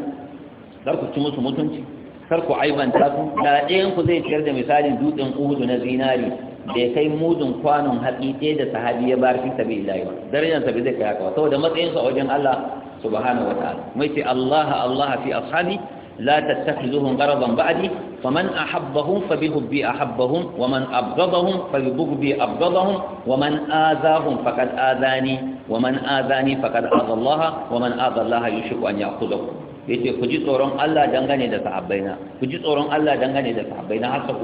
kar ku ci musu mutunci kar ku aibanta su da ɗayan ku zai ciyar da misalin dutsen uhudu na zinari da ya kai mudun kwanon haƙi ɗaya da sahabi ya bar fi sabilillahi ba darajar sa zai kai haka ba saboda matsayin su a wajen Allah subhanahu wa ta'ala mai ce Allah Allah fi ashabi لا تتخذوهم غرضا بعدي فمن أحبهم فبحبي أحبهم ومن أبغضهم فببغضي أبغضهم ومن آذاهم فقد آذاني ومن آذاني فقد آذى الله ومن آذى الله يشك أن يأخذه yace ku ji tsoron Allah dangane da sahabbaina ku ji tsoron Allah dangane da sahabbaina har sa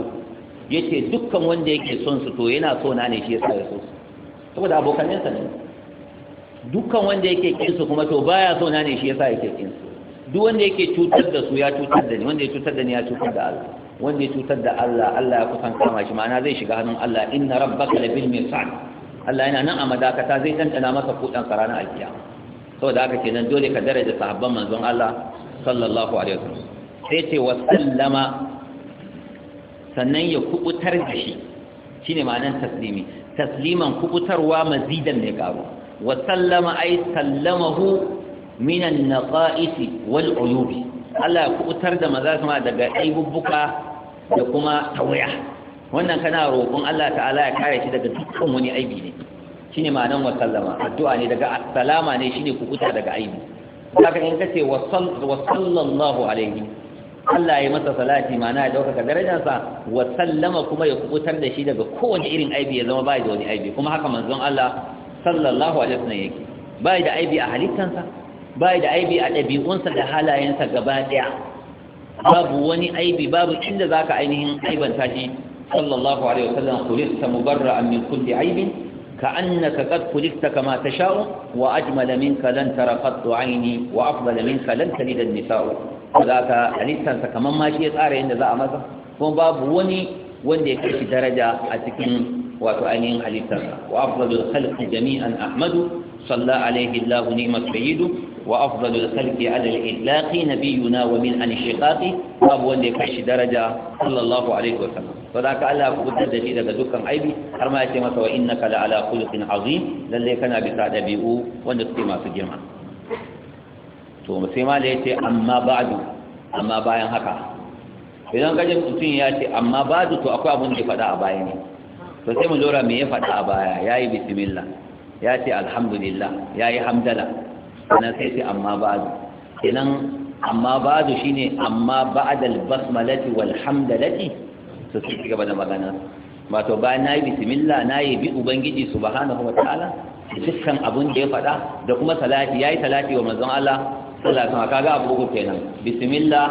yace dukkan wanda yake son su to yana so na ne shi yasa ya so su saboda ne dukkan wanda yake kin su kuma to baya so na ne shi yasa yake kin su duk wanda yake cutar da su ya cutar da ni wanda ya cutar da ni ya cutar da Allah wanda ya cutar da Allah Allah ya kusan kama shi ma'ana zai shiga hannun Allah inna rabbaka labil mirsad Allah yana nan a madakata zai tantana maka kudan karana alkiya saboda haka kenan dole ka daraja sahabban manzon Allah sallallahu alaihi wasallam sai ce wa sallama sannan ya kubutar da shi shine ma'anar taslimi tasliman kubutarwa mazidan ne karo, wa sallama ai sallamahu minan naqa'isi wal uyubi Allah ya kubutar da maza sama daga aibubbuka da kuma tawaya wannan kana roƙon Allah ta'ala ya kare shi daga dukkan wani aibi ne shine ma'anar wa sallama addu'a ne daga salama ne shi ne kubuta daga aibi haka in kace wa sallallahu alaihi Allah ya masa salati ma'ana ya dauka darajarsa wa sallama kuma ya kubutar da shi daga kowane irin aibi ya zama bai da wani aibi kuma haka manzon Allah sallallahu alaihi wasallam yake bai da aibi a halittansa bai da aibi a ɗabi'unsa da halayensa gaba ɗaya babu wani aibi babu inda za ka ainihin aibanta shi sallallahu alaihi wasallam kulista mubarra min kulli aibin ka annaka qad kulista kama tasha'u wa ajmala minka lan tara qattu aini wa afdala minka lan talida an-nisa'u zaka halittansa kaman ma shi ya tsara yanda za a masa kuma babu wani wanda ya kai daraja a cikin wato ainihin halittarsa wa afdalul khalqi jami'an ahmadu صلى عليه الله نعم السيد وأفضل الخلق على الإطلاق نبينا ومن الانشقاق أبو أن يكشي درجة صلى الله عليه وسلم فذاك ألا أقول الدجي لك دكا عيبي أرما يتمك وإنك لعلى خلق عظيم للي كان بسعد بيئو ونسقي ما في جمع ثم سيما ليتي أما بعد أما باين هكا idan kaje mutum ya ce amma ba to akwai abun da faɗa a baya ne to sai mu lura me ya faɗa a baya yayi bismillah ya ce alhamdulillah yayi hamdala sannan sai ce amma ba'du kenan amma Ba'adu shine amma ba'dal basmalati wal hamdalati to sai ci gaba da magana wato bayan nayi bismillah nayi bi ubangiji subhanahu ta'ala dukkan abun da ya faɗa da kuma salati yayi salati wa manzon Allah sallallahu alaihi wasallam kaga abu uku kenan bismillah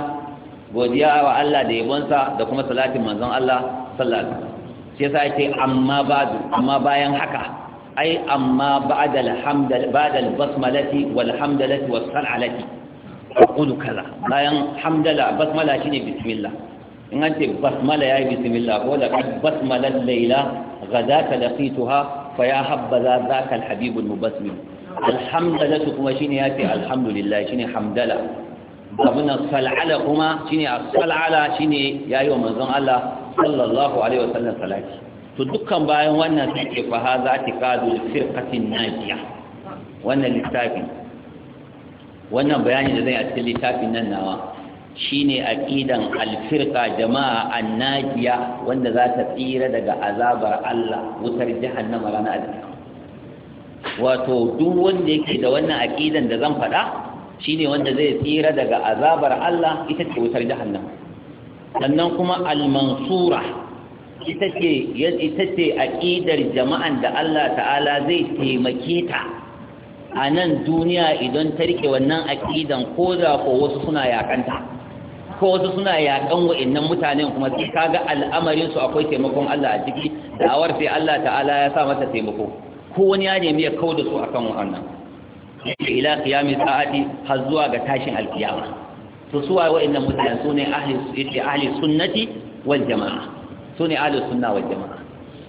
godiya wa Allah da yabonsa da kuma salatin manzon Allah sallallahu alaihi wasallam sai sai amma ba'du amma bayan haka ai amma ba'da alhamdal ba'da albasmalati walhamdalati wassalati aqulu kala. bayan hamdala basmala shine bismillah in an ce basmala yayi bismillah ko la basmala layla ghadaka laqituha fa ya habbaza zaka alhabib almubasmil alhamdalatu kuma shine yace alhamdulillah shine hamdala abin sal'ala kuma shine as-sal'ala shine yayi wa manzon Allah sallallahu alaihi wasallam salati to dukkan bayan wannan sai ke fa haza atiqadu firqatin najiya wannan littafi wannan bayani da zai a cikin littafin nan nawa shine aqidan alfirqa jama'a annajiya wanda za ta tsira daga azabar Allah wutar jahannama ranar alƙiyama wato duk wanda yake da wannan aqidan da zan faɗa shine wanda zai tsira daga azabar Allah ita ce wutar jahannama sannan kuma al-mansura ita ce ita ce aqidar jama'an da Allah ta'ala zai taimake ta a nan duniya idan ta rike wannan aqidan ko da ko wasu suna yakanta ko wasu suna yakan wa'annan mutanen kuma sai kaga al'amarin su akwai taimakon Allah a ciki da'awar sai Allah ta'ala ya sa mata taimako ko wani ya nemi ya da su akan wannan ila qiyami sa'ati har zuwa ga tashin alkiyama to suwa wa'annan mutanen sune ahli ahli sunnati wal jama'a su ne ahlus sunna wal jama'a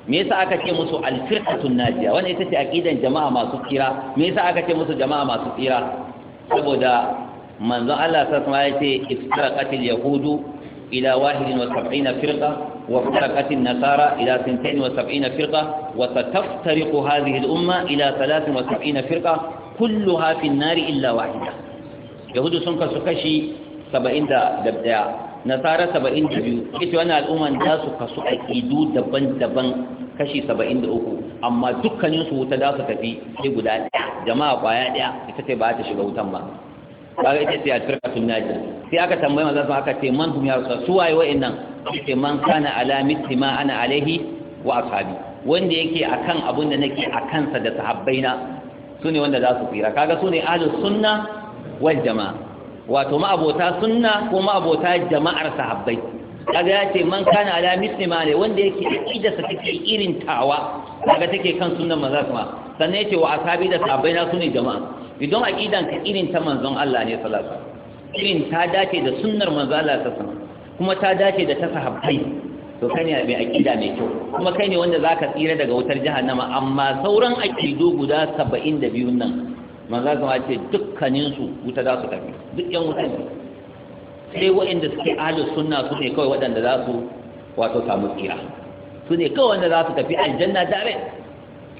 me yasa aka ce musu alfirqatun najiya wannan ita ce aqidan jama'a masu tsira me yasa aka ce musu jama'a masu tsira saboda manzon Allah sallallahu alaihi wasallam ya ce iftaraqatil yahudu ila 71 firqa وافترقت النصارى إلى 72 فرقة وستفترق هذه الأمة إلى 73 فرقة كلها في النار إلا واحدة يهود سنك سكشي سبعين دا دبداء nasara saba'in da biyu ita wani al'umman za su kasu a idu daban-daban kashi saba'in da uku amma dukkaninsu wuta za su tafi sai guda ɗaya jama'a kwaya ɗaya ita ce ba ta shiga wutan ba kaga ita ce alfirka sun naji sai aka tambayi maza su aka ce man ya rasu su waye wa'annan ce man kana ala ma ana alaihi wa ashabi wanda yake akan abun da nake a kansa da sahabbaina su ne wanda za su tsira kaga su ne ahlus sunna wal jama'a wato ma'abota sunna ko ma'abota jama'ar sahabbai kaga ya ce man kana ala misli ma ne wanda yake da sa take irin tawa kaga take kan sunnan manzon kuma sannan yace wa asabi da sahabbai na sunni jama'a idan aqidan ka irin ta manzon Allah ne sallallahu alaihi wasallam irin ta dace da sunnar manzon Allah sallallahu alaihi wasallam kuma ta dace da ta sahabbai to kai ne mai aqida mai kyau kuma kai ne wanda zaka tsira daga wutar jahannama amma sauran aqidu guda 72 nan manzo kuma ce dukkanin su wuta za su tafi duk yan wuta ne sai waɗanda suke ahli sunna su ne kawai waɗanda za su wato samu tsira su ne kawai wanda za su tafi aljanna tare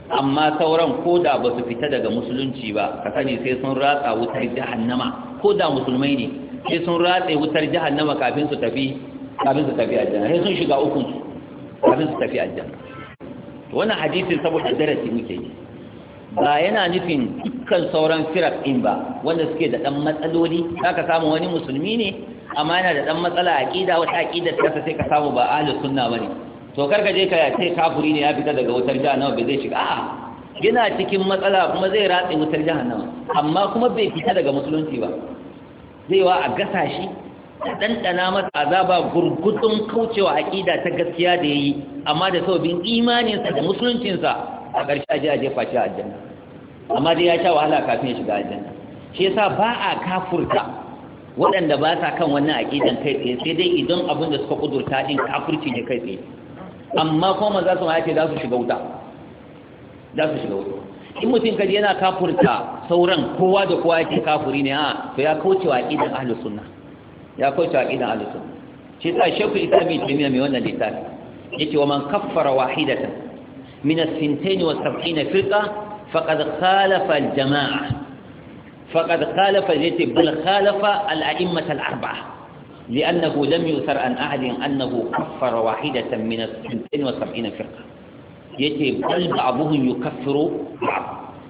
amma sauran ko da ba su fita daga musulunci ba ka sani sai sun ratsa wutar jahannama ko da musulmai ne sai sun ratsa wutar jahannama kafin su tafi kafin su tafi aljanna sai sun shiga ukun kafin su tafi aljanna wannan hadisin saboda darasi muke yi ba yana nufin dukkan sauran firak ɗin ba wanda suke da ɗan matsaloli za ka samu wani musulmi ne amma yana da ɗan matsala a ƙida wata aƙidar kasa sai ka samu ba ahlus sunna ba ne to kar ka je ka ce kafuri ne ya fita daga wutar jahannama bai zai shiga a'a yana cikin matsala kuma zai ratse wutar jahannama amma kuma bai fita daga musulunci ba zai wa a gasa shi a ɗanɗana masa azaba gurgudun kaucewa ƙida ta gaskiya da ya yi amma da sababin imaninsa da musuluncinsa a ƙarshe aje a jefa shi a aljanna amma dai ya sha wahala kafin ya shiga aljanna shi yasa ba a kafurta waɗanda ba sa kan wannan aqidan kai tsaye sai dai idan abin da suka kudurta din kafurci ne kai tsaye amma kuma maza su ma ce za su shiga wuta za su shiga wuta in mutum kaji yana kafurta sauran kowa da kowa yake kafuri ne a to ya kauce wa aqidan ahlus sunna ya kauce wa aqidan ahlus sunna shi ta shekul islami tumiya mai wannan littafi yake wa man kaffara wahidatan min as-sintain wa sab'ina firqa faqad khalafa al-jama'a faqad khalafa yati bal khalafa al-a'immat al-arba'a لأنه لم يثر عن أحد أنه كفر واحدة من الثنتين وسبعين فرقة يتي بل بعضهم يكفر بعض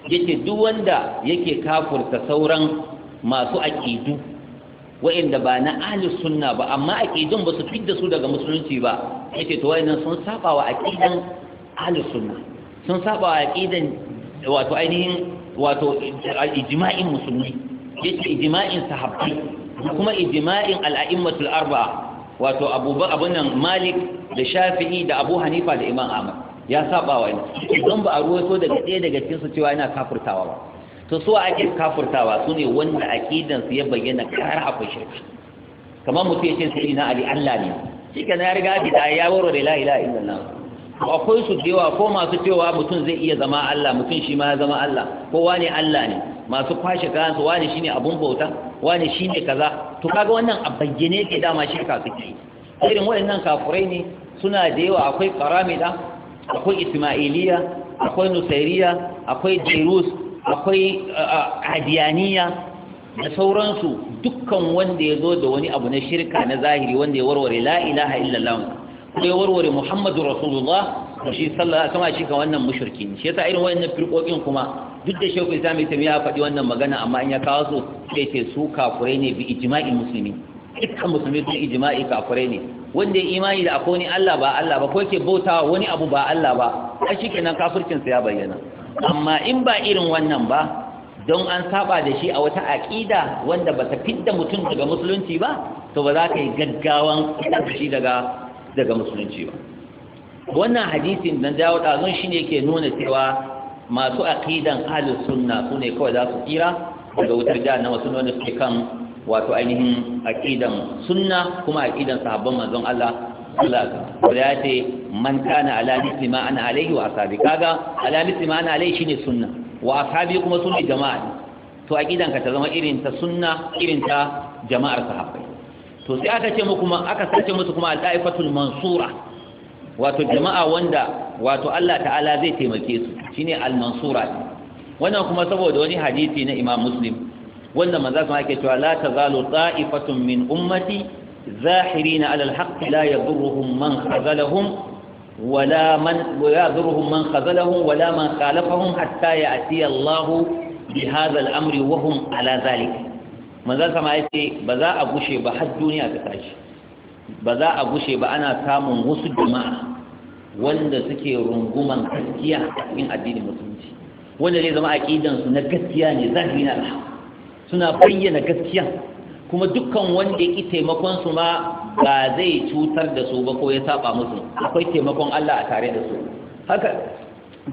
يتي دوان دا يكي كافر تصورا ما سوء أكيدو وإن دبانا أهل السنة با أما أكيدون بس تجد سودة مسلمتي با يتي توائنا سنصابا وأكيدا أهل السنة سنصابا وأكيدا wato ainihin wato ijma'in musulmi yake ijma'in sahabbai kuma ijma'in al'a'immatul arba'a wato abun malik da shafi'i da abu hanifa da imam ahmad ya saba wa ina idan ba a so daga ɗaya daga cikin su cewa yana kafurtawa ba to su ake kafurtawa su ne wanda akidan su ya bayyana kar a shirka kamar mutum ya ce sai na ali Allah ne shi na ya riga da ya warware la ilaha illallah akwai su cewa ko masu cewa mutum zai iya zama Allah mutum shi ma ya zama Allah ko wani Allah ne masu kwashe kayansu wani shine abun bauta wani shine kaza to kaga wannan a bayyane ke dama shirka suke irin waɗannan kafurai ne suna da yawa akwai karamida akwai ismailiya akwai nusairiya akwai jirus akwai Hadiyaniya uh, uh, da sauransu dukkan wanda ya zo da wani abu na shirka na zahiri wanda ya warware la ilaha illallah sai warware muhammadu rasulullah da shi sallah kama shi ka wannan mushriki ne shi yasa irin wayannan firkokin kuma duk da shekul islam ta ya faɗi wannan magana amma in ya kawo su sai ce su kafure ne bi ijma'in musulmi dukkan musulmi sun ijma'i kafurai ne wanda imani da akwai ni Allah ba Allah ba ko yake bautawa wani abu ba Allah ba a shikenan kafircin sa ya bayyana amma in ba irin wannan ba don an saba da shi a wata aƙida wanda ba ta fidda mutum daga musulunci ba to ba za ka yi gaggawan shi daga daga musulunci ba wannan hadisin dan dawo ɗazun shi ne ke nuna cewa masu aqidan ahlus sunna sune kawai za su tsira daga wutar jahannama sun wanda suke kan wato ainihin aqidan sunna kuma aqidan sahabban manzon Allah sallallahu alaihi wasallam ya man kana ala mithli ma ana alaihi wa ashabi kaga ala mithli ma ana alaihi shine sunna wa ashabi kuma sunni jama'a to aqidan ka ta zama irin ta sunna irin ta jama'ar sahabbai to sai aka ce muku aka sace musu kuma al mansura wato jama'a wanda wato Allah ta'ala zai taimake su shine al-mansura wannan kuma saboda wani hadisi na Imam Muslim wanda manzo sama yake cewa la tazalu da'ifatun min ummati zahirina 'ala al-haqq la yadurruhum man khazalahum wala man yadurruhum man khazalahum wala man khalafahum hatta ya Allah bi hadha al-amri wa hum 'ala dhalika manzan sama ya ce ba za a gushe ba har duniya ta tashi ba za a gushe ba ana samun wasu jama'a wanda suke runguman gaskiya cikin addinin musulunci wanda zai zama su na gaskiya ne zahiri na suna bayyana gaskiya kuma dukkan wanda ya ƙi taimakon su ma ba zai cutar da su ba ko ya saba musu akwai taimakon Allah a tare da su haka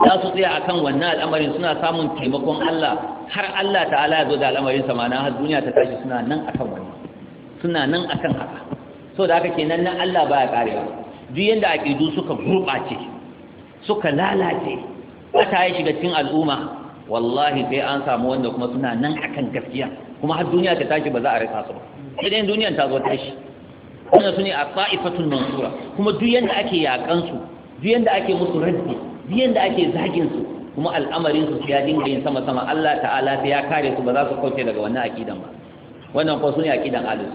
za su tsaya kan wannan al'amarin suna samun taimakon Allah har Allah ta'ala ya zo da al'amarin sa ma'ana har duniya ta tashi suna nan a kan wannan suna nan a kan haka so da haka kenan nan Allah baya karewa duk yanda aqidu suka gurɓace, suka lalace aka ya shiga cikin al'umma wallahi sai an samu wanda kuma suna nan a kan gaskiya kuma har duniya ta tashi ba za a rika su ba dai duniya ta zo tashi wannan su ne a sa'ifatul mansura kuma duk yadda ake yaƙansu, duk yadda ake musu rabbi biyan da ake zagin su kuma al'amarin su ya dinga yin sama sama Allah ta'ala sai ya kare su ba za su kauce daga wannan akidan ba wannan ko sune akidan ahlus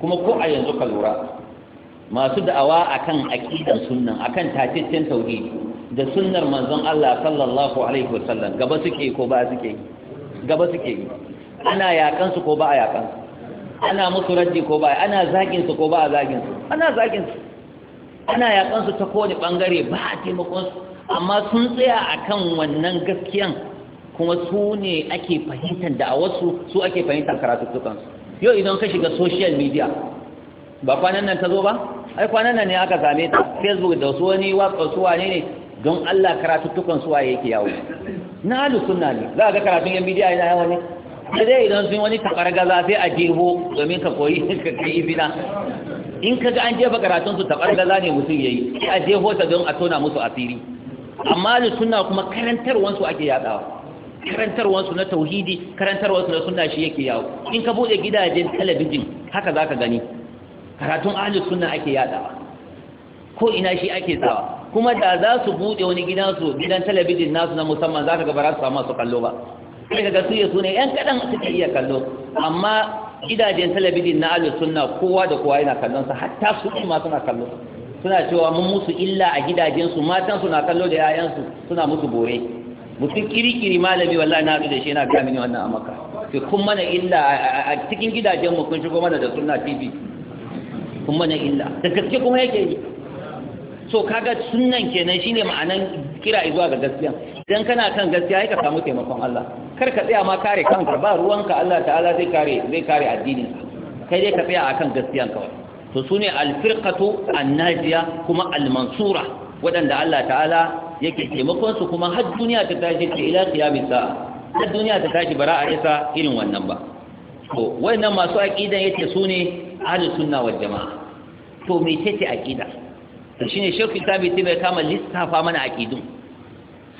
kuma ko a yanzu ka lura masu da'awa akan akidan sunnan akan tataccen tauhidi da sunnar manzon Allah sallallahu alaihi wasallam gaba suke ko ba suke gaba suke ana yakan su ko ba a yakan su ana musu raddi ko ba ana zagin su ko ba a zagin su ana zagin su ana yakan su ta kowane bangare ba a taimakon su amma sun tsaya a kan wannan gaskiyan kuma su ne ake fahimtar da a wasu su ake fahimtar tukansu. yau idan ka shiga social media ba kwanan nan ta zo ba ai kwanan nan ne aka same ta facebook da su wani watsa su wane ne don allah karatu su a yake yawo na alu suna ne za a ga karatun yan bidiya yana yawa ne sai idan sun wani takar gaza sai a jeho domin ka koyi ka kai izina in ka ga an jefa karatun su takar gaza ne mutum ya sai a jeho ta don a tona musu asiri amma da suna kuma karantarwansu ake yadawa karantarwansu na tauhidi karantarwansu na suna shi yake yawo in ka bude gidajen talabijin haka za ka gani karatun ahli suna ake yadawa ko ina shi ake tsawa. kuma da za su bude wani gidansu gidan talabijin nasu na musamman ka ga ba za su samu su kallo ba sai ka ga su ya sune yan kaɗan suke iya kallo amma gidajen talabijin na ahli suna, kowa da kowa yana kallon sa hatta su ma suna kallo suna cewa mun musu illa a gidajensu matan suna kallo da yayansu suna musu bore mutum kirikiri malami wallahi na da shi yana gami wannan a maka sai kun mana illa a cikin gidajenmu kun shigo mana da sunna tv kun mana illa da gaske kuma yake yi so kaga sunnan kenan shine ma'anan kira izuwa ga gaskiya idan kana kan gaskiya ai ka samu taimakon Allah kar ka tsaya ma kare kanka ba ruwanka Allah ta'ala zai kare zai kare addinin kai dai ka tsaya akan gaskiyan kawai to su ne alfirkatu annajiya kuma almansura waɗanda Allah ta'ala yake taimakonsu kuma har duniya ta tashi ta ila kiyamin har duniya ta tashi bara a isa irin wannan ba to wannan masu aqidan yace su ne ahlus sunna wal jamaa to me ce aqida to shine shirku tabi tibai kama lissafa mana aqidun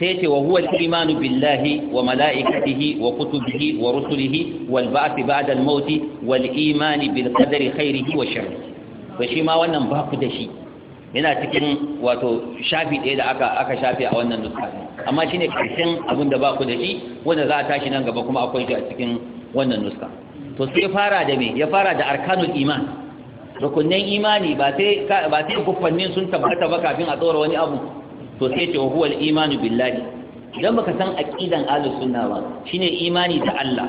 sai yace wa huwa al-imanu billahi wa mala'ikatihi wa kutubihi wa rusulihi wal ba'th ba'da al-maut wal iman bil qadari khairihi wa sharrihi to shi ma wannan ba ku da shi yana cikin wato shafi ɗaya da aka aka shafe a wannan nuska amma shine ƙarshen abin da ba ku da shi wanda za a tashi nan gaba kuma akwai shi a cikin wannan nuska to sai ya fara da me ya fara da arkanul iman rukunnan imani ba sai ba sai gufannin sun tabbata ba kafin a tsora wani abu to sai ce huwal imanu billahi idan baka san aqidan ahlus sunna ba shine imani da Allah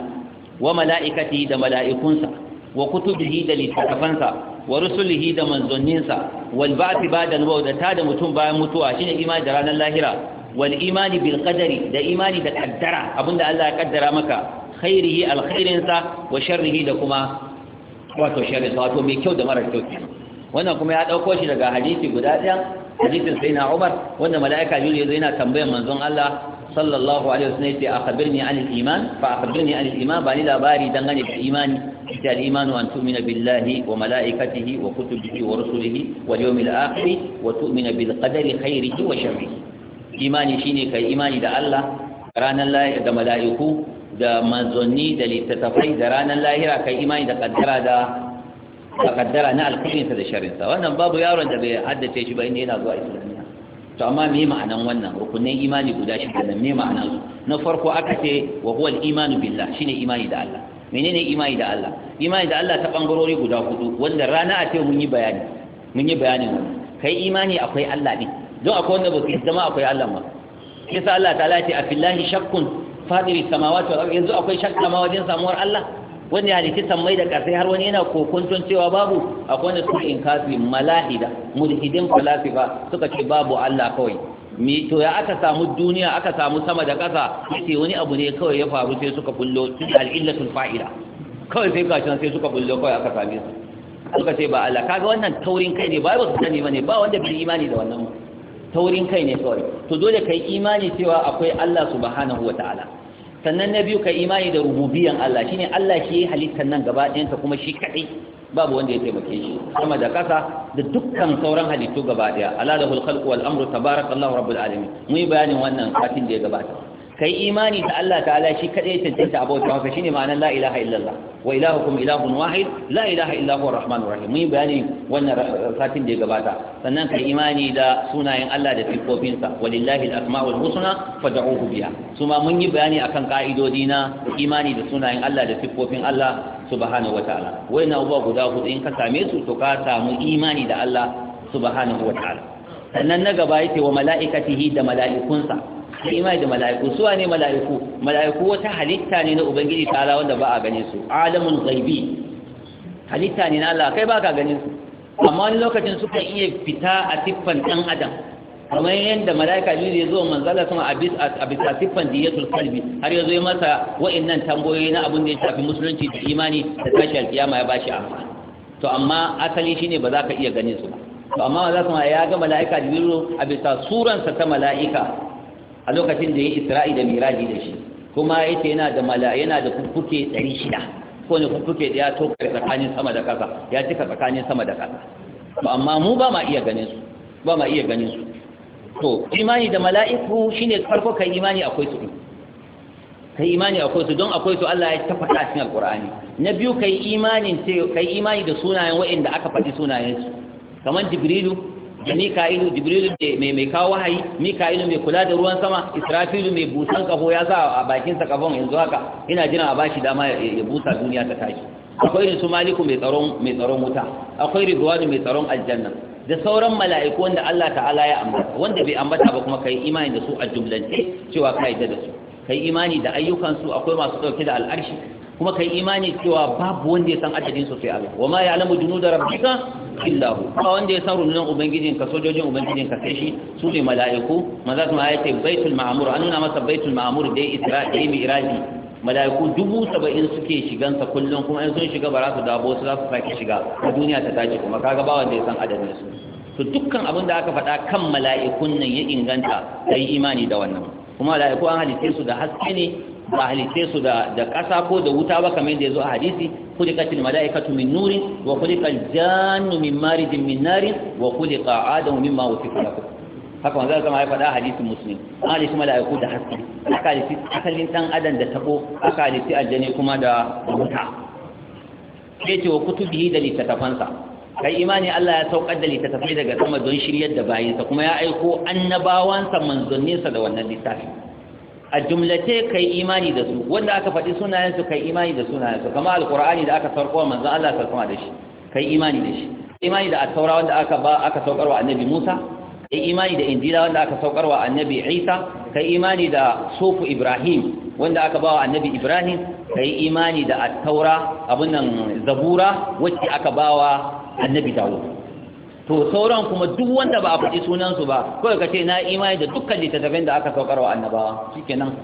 wa mala'ikati da mala'ikunsa wa kutubihi da littattafansa wa rusulihi da manzanninsa wal ba'thi ba'da al-maut da da mutum bayan mutuwa shine imani da ranar lahira wal imani bil qadari da imani da kaddara abinda Allah ya kaddara maka khairihi alkhairinsa wa sharrihi da kuma wato sharri wato mai kyau da mara kyau wannan kuma ya dauko shi daga hadisi guda ɗaya hadisin sayyidina Umar wanda mala'ika Jibril yazo yana tambayar manzon Allah sallallahu alaihi wasallam yace akhbirni anil iman fa akhbirni anil iman ba ni labari dangane da imani ita al-imanu an tu'mina billahi wa mala'ikatihi wa kutubihi wa rusulihi wal yawmil akhir wa tu'mina bil qadari khairihi wa sharrihi imani shine kai imani da Allah ranar lahira da mala'iku da manzanni da littattafai da ranar lahira kai imani da kaddara da da kaddara na alkhairinsa da sharrinsa wannan babu yaron da bai haddace shi ba inda yana zuwa islamiyya to amma me ma'anan wannan rukunin imani guda shi da me ma'anan na farko aka ce wa huwa al-imanu billah shine imani da Allah menene imani da Allah imani da Allah ta bangarori guda hudu wanda rana a ce mun yi bayani mun yi bayani wani kai imani akwai Allah ne don akwai wanda ba zama akwai Allah ba yasa Allah ta ce a fillahi shakkun fadiri samawati wal yanzu akwai shakka ma wajen samuwar Allah wanda ya halitta sammai da ƙasai har wani yana kokuntun cewa babu akwai wanda su in kafi malahida mulhidin falasifa suka ce babu Allah kawai mi ya aka samu duniya aka samu sama da ƙasa yace wani abu ne kawai ya faru sai suka bullo al-illatul fa'ila kawai sai kashin sai suka bullo kawai aka same su suka ce ba Allah kaga wannan taurin kai ne ba ba su sani bane ba wanda bai imani da wannan taurin kai ne kawai to dole kai imani cewa akwai Allah subhanahu wataala sannan na biyu kai imani da rububiyan Allah shine Allah shi halittar nan gaba ta kuma shi kadai babu wanda ya taimake shi sama da kasa da dukkan sauran halittu gaba daya alalahul khalqu wal amru tabarakallahu rabbul alamin mun yi bayanin wannan satin da ya gabata kai imani da Allah ta'ala shi kadai ya tantance abota haka shine ma'anar la ilaha illallah wa ilahukum ilahun wahid la ilaha illa arrahmanur rahim mun yi bayanin wannan satin da ya gabata sannan kai imani da sunayen Allah da sifofinsa walillahi al-asmaul husna fad'uhu biha suma mun yi bayani akan ka'idodi na imani da sunayen Allah da sifofin Allah subhanahu wataala wayan abubuwa guda hudu in ka same su to ka samu imani da Allah subhanahu wataala sannan na gaba yace wa mala'ikatihi da mala'ikunsa imani da mala'iku suwa ne mala'iku mala'iku wata halitta ne na ubangiji ta'ala wanda ba a gane su alamul ghaibi halitta ne na Allah kai ba ka ganin su amma wani lokacin sukan iya fita a tiffan dan adam kamar yadda malaika da ya zuwa manzala sama a bisa siffan diyatul kalbi har ya masa masa nan tambayoyi na abin da ya shafi musulunci da imani da tashi alkiyama ya bashi amfani to amma asali shine ba za ka iya ganin su ba to amma za su ya ga malaika da biyu a bisa suransa ta malaika a lokacin da ya isra'i da miraji da shi kuma yace yana da mala yana da kuffuke 600 ko ne kuffuke da ya toka tsakanin sama da kasa ya cika tsakanin sama da kasa to amma mu ba ma iya ganin su ba ma iya ganin su to imani da mala'iku shine farko kai imani akwai su kai imani akwai su don akwai su Allah ya tafata cikin alqur'ani na biyu kai imani kai imani da sunayen wa'anda aka faɗi sunayen su kamar jibrilu da mika'ilu jibrilu mai mai kawo wahayi mika'ilu mai kula da ruwan sama israfilu mai busan kafo ya sa a bakin sa kafon yanzu haka ina jira a bashi dama ya busa duniya ta tashi akwai irin su maliku mai tsaron mai tsaron wuta akwai ridwanu mai tsaron aljanna da sauran mala'iku wanda Allah ta'ala ya ambata wanda bai ambata ba kuma kai imani da su a jumlance cewa ka yadda da su kai imani da ayyukansu akwai masu dauke da al'arshi kuma kai imani cewa babu wanda ya san adadin su sai Allah wama ya'lamu junuda rabbika illa hu ba wanda ya san rundunar ubangijin ka sojojin ubangijin ka sai shi su ne mala'iku maza su ma yace baitul ma'mur an nuna masa baitul ma'mur dai isra'i mi'raji mala'iku dubu saba'in suke shigansa kullum kuma in sun shiga ba za su dabo su za su sake shiga a duniya ta tashi kuma kaga ba wanda ya san adadin su to dukkan abin da aka faɗa kan mala'ikun nan ya inganta da yi imani da wannan kuma mala'iku an halitte su da haske ne ba halitte su da ƙasa ko da wuta ba kamar yadda ya zo a hadisi mala'ikatu خلقت الملائكة من نور وخلق الجان من مارد من نار وخلق آدم مما وصف لكم haka wanzar zama ya faɗa hadisin musulmi an halitta mala'iku da haske aka halitta akalin ɗan adam da tabo aka halitta aljani kuma da wuta sai ce wa kutubihi da littattafansa kai imani Allah ya saukar da littattafai daga sama don shiryar da bayinsa kuma ya aiko annabawansa manzanninsa da wannan littafi a jumlace kai imani da su wanda aka faɗi sunayensu kai imani da sunayensu kama alkur'ani da aka sarkowa manzan Allah sarkowa da shi kai imani da shi imani da attaura wanda aka ba aka saukarwa annabi Musa kai imani da injila wanda aka saukarwa annabi Isa kai imani da sufu Ibrahim wanda aka bawa annabi Ibrahim kai imani da attaura abin nan zabura wacce aka bawa annabi dawud to sauran kuma duk wanda ba a faɗi sunansu ba kawai ka ce na imani da dukkan littattafan da aka saukar wa annabawa shikenan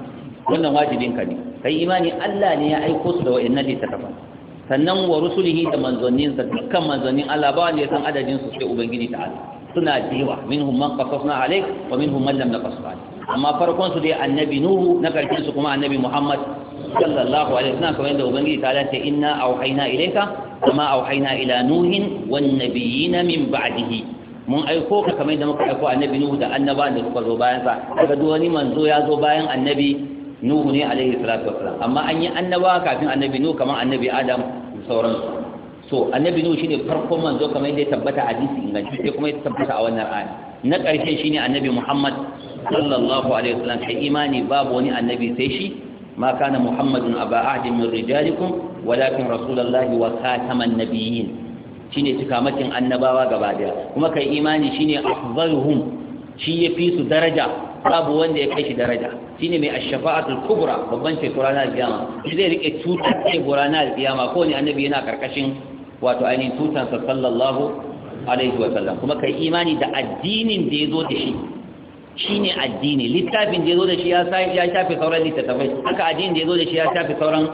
wannan wajibin ka ne kai imani Allah ne ya aiko su da wa'annan littattafan sannan wa rusulihi da manzannin da dukkan manzannin Allah ba wanda ya san adadin su sai ubangiji ta'ala suna da yawa minhum man qasasna alayk wa minhum man lam naqasna alayk amma farkon su dai annabi nuhu na karshen su kuma annabi muhammad sallallahu alaihi wasallam kamar yadda ubangiji ta lace inna auhayna ilayka kama auhayna ila nuhin wan nabiyina min ba'dihi mun aiko ka kamar yadda muka aiko annabi nuhu da annaba da suka zo bayan sa daga duk wani manzo ya zo bayan annabi nuhu ne alaihi salatu wasalam amma an yi annaba kafin annabi nuhu kamar annabi adam da sauransu so annabi nuhu shine farkon manzo kamar yadda ya tabbata a hadisi ingantacce kuma ya tabbata a wannan aya na ƙarshe shine annabi muhammad sallallahu alaihi wasallam kai imani babu wani annabi sai shi ma kana muhammadun aba ahadin min rijalikum walakin rasulullahi wa khataman nabiyyin shine cikamakin annabawa gaba daya kuma kai imani shine afzaluhum shi ya fi su daraja babu wanda ya kai shi daraja shi ne mai ashafa'atul kubra babban ceto ranar biyama shi zai rike tutar ceto ranar biyama ko ne annabi yana karkashin wato ainihin sa sallallahu alaihi wa sallam kuma kai imani da addinin da ya zo da shi shi ne addini littafin da yazo da shi ya sai ya shafe sauran littafai haka addini da da shi ya shafi sauran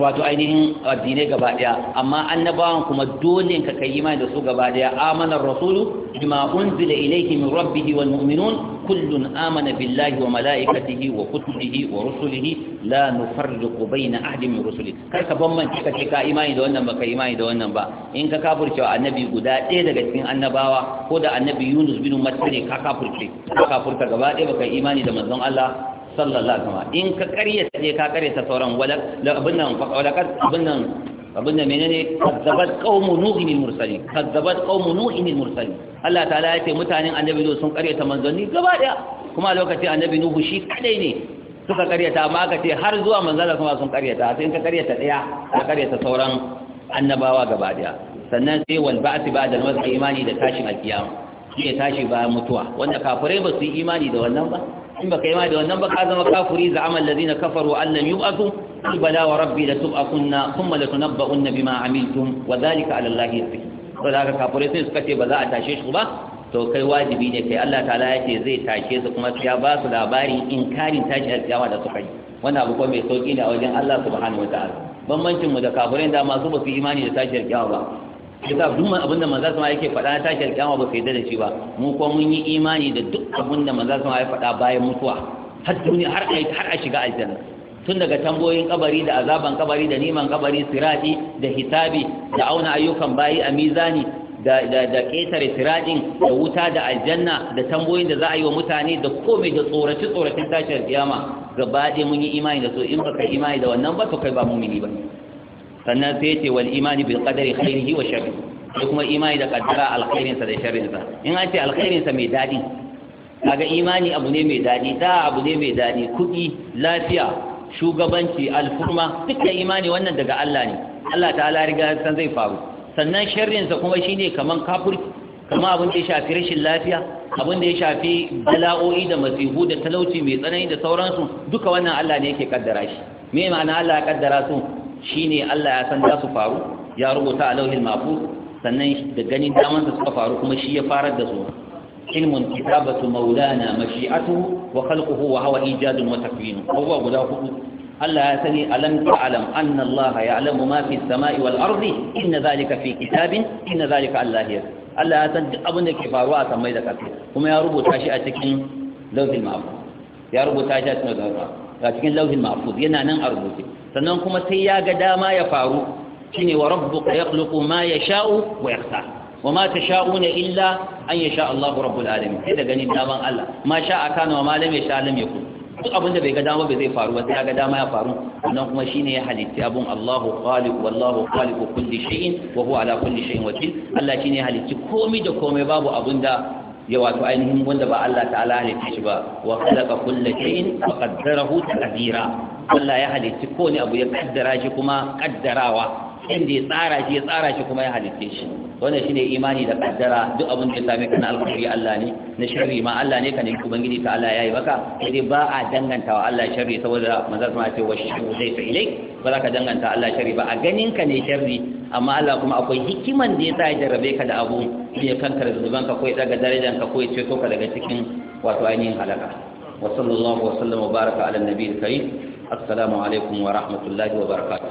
wato ainihin addinai gaba daya amma annabawan kuma dole ka kai imani da su gaba daya amana rasulu bima unzila ilayhi min rabbih wal mu'minun kullun amana billahi wa malaikatihi wa kutubihi wa rusulihi la nufarriqu baina ahadin min rusuli kar ka ban ka ce ka imani da wannan ba ka imani da wannan ba in ka kafurce annabi guda ɗaya daga cikin annabawa ko da annabi Yunus bin Matta ne ka kafurce ka kafurta gaba ɗaya ba ka imani da manzon Allah sallallahu alaihi wasallam in ka kare sai ka kare ta sauran wala abin nan walakat abin nan abin nan menene kadzabat qaumu nuhin al mursalin kadzabat qaumu nuhin al mursalin Allah ta'ala ya ce mutanen annabi nuhu sun ta manzanni gaba daya kuma lokacin annabi nuhu shi kadai ne suka kare ta amma aka ce har zuwa manzala kuma sun kare ta sai in ka kare ta daya ka kare ta sauran annabawa gaba daya sannan sai wal ba'ti ba'da al imani da tashin alkiyama shi ne tashi bayan mutuwa wanda kafirai ba su yi imani da wannan ba in baka yi ma da wannan ba ka zama kafuri za amal kafar wa allan yub'atu qul bala wa rabbi da tub'akunna thumma la tunabba'unna bima amiltum wa dhalika ala allahi yasir to da haka kafurai sai suka ce ba za a tashe shi ba to kai wajibi ne kai Allah ta'ala ya ce zai tashe su kuma ya ba su in inkarin tashi alkiyama da suka yi wannan abu kuma mai sauki ne a wajen Allah subhanahu wa ta'ala bambancin mu da kafurai da masu ba su imani da tashi alkiyama ba yasa duk abin da manzo sama yake faɗa na shi kiyama ba sai da shi ba mu ko mun yi imani da duk abin manzo sama ya faɗa bayan mutuwa har duniya har a har a shiga aljanna tun daga tamboyin kabari da azaban kabari da niman kabari sirati da hisabi da auna ayyukan bayi a mizani da da da ketare siratin da wuta da aljanna da tamboyin da za a yi wa mutane da komai da tsoraci tsoracin tashar kiyama gaba ɗaya mun yi imani da so in baka imani da wannan ba to kai ba mumini ba sannan sai yace wal imani bil qadari khairihi wa sharri da kuma imani da kaddara alkhairin sa da sharrin sa in an ce alkhairin sa mai dadi kaga imani abu ne mai dadi da abu ne mai dadi kudi lafiya shugabanci alfurma dukkan imani wannan daga Allah ne Allah ta'ala riga san zai faru sannan sharrin sa kuma shine kaman kafirci kuma abin da ya shafi rashin lafiya abin da ya shafi bala'o'i da masihu da talauci mai tsanani da sauransu duka wannan Allah ne yake kaddara shi me ma'ana Allah ya kaddara su shine Allah ya san za su faru ya rubuta a lauhin mahfuz sannan da ganin daman su suka faru kuma shi ya farar da su ilmun kitabatu maulana mashi'atu wa khalquhu wa huwa ijadun wa takwin abubuwa guda hudu Allah ya sani alam ta'lam anna Allah ya'lamu ma fi samai wal ardi inna dhalika fi kitabin inna dhalika Allah ya Allah ya san duk abin da ke faruwa a samai da ƙasa kuma ya rubuta shi a cikin lauhin mahfuz ya rubuta shi a cikin lauhin mahfuz yana nan a rubuce sannan kuma sai ya ga dama ya faru ne wa rabbuka yakhluqu ma ya sha'u wa yakhtar wa ma tasha'una illa an ya sha Allahu rabbul alamin sai da ganin daman Allah ma sha'a kana wa ma lam yasha lam yakun duk abinda bai ga dama bai zai faru ba sai ya ga dama ya faru Sannan kuma shi ne ya halitta abin Allahu kwaliku. wallahu kwaliku kulli shay'in wa huwa ala kulli shay'in wakil Allah shi ne ya halitta komai da komai babu abin da. ya wato ainihin wanda ba Allah ta'ala halitta shi ba wa khalaqa kulla shay'in wa qaddarahu taqdira Allah ya halitta ko abu ya kaddara shi kuma kaddarawa inda ya tsara shi ya tsara shi kuma ya halitta shi wannan shine imani da kaddara duk abin da ya same ka na alkhairi Allah ne na sharri ma Allah ne ka ne ubangiji ta Allah yayi maka sai ba a danganta dangantawa Allah sharri saboda manzon ma ce wa sharru zai ta ilai ba za ka danganta Allah sharri ba a ganin ka ne sharri amma Allah kuma akwai hikiman da ya sa ya jarrabe ka da abu da ya kankar zuban ka ko ya daga darajar ka ko ya ceto ka daga cikin wato ainihin halaka wa sallallahu wa sallama baraka ala nabiyil karim assalamu alaikum wa rahmatullahi wa barakatuh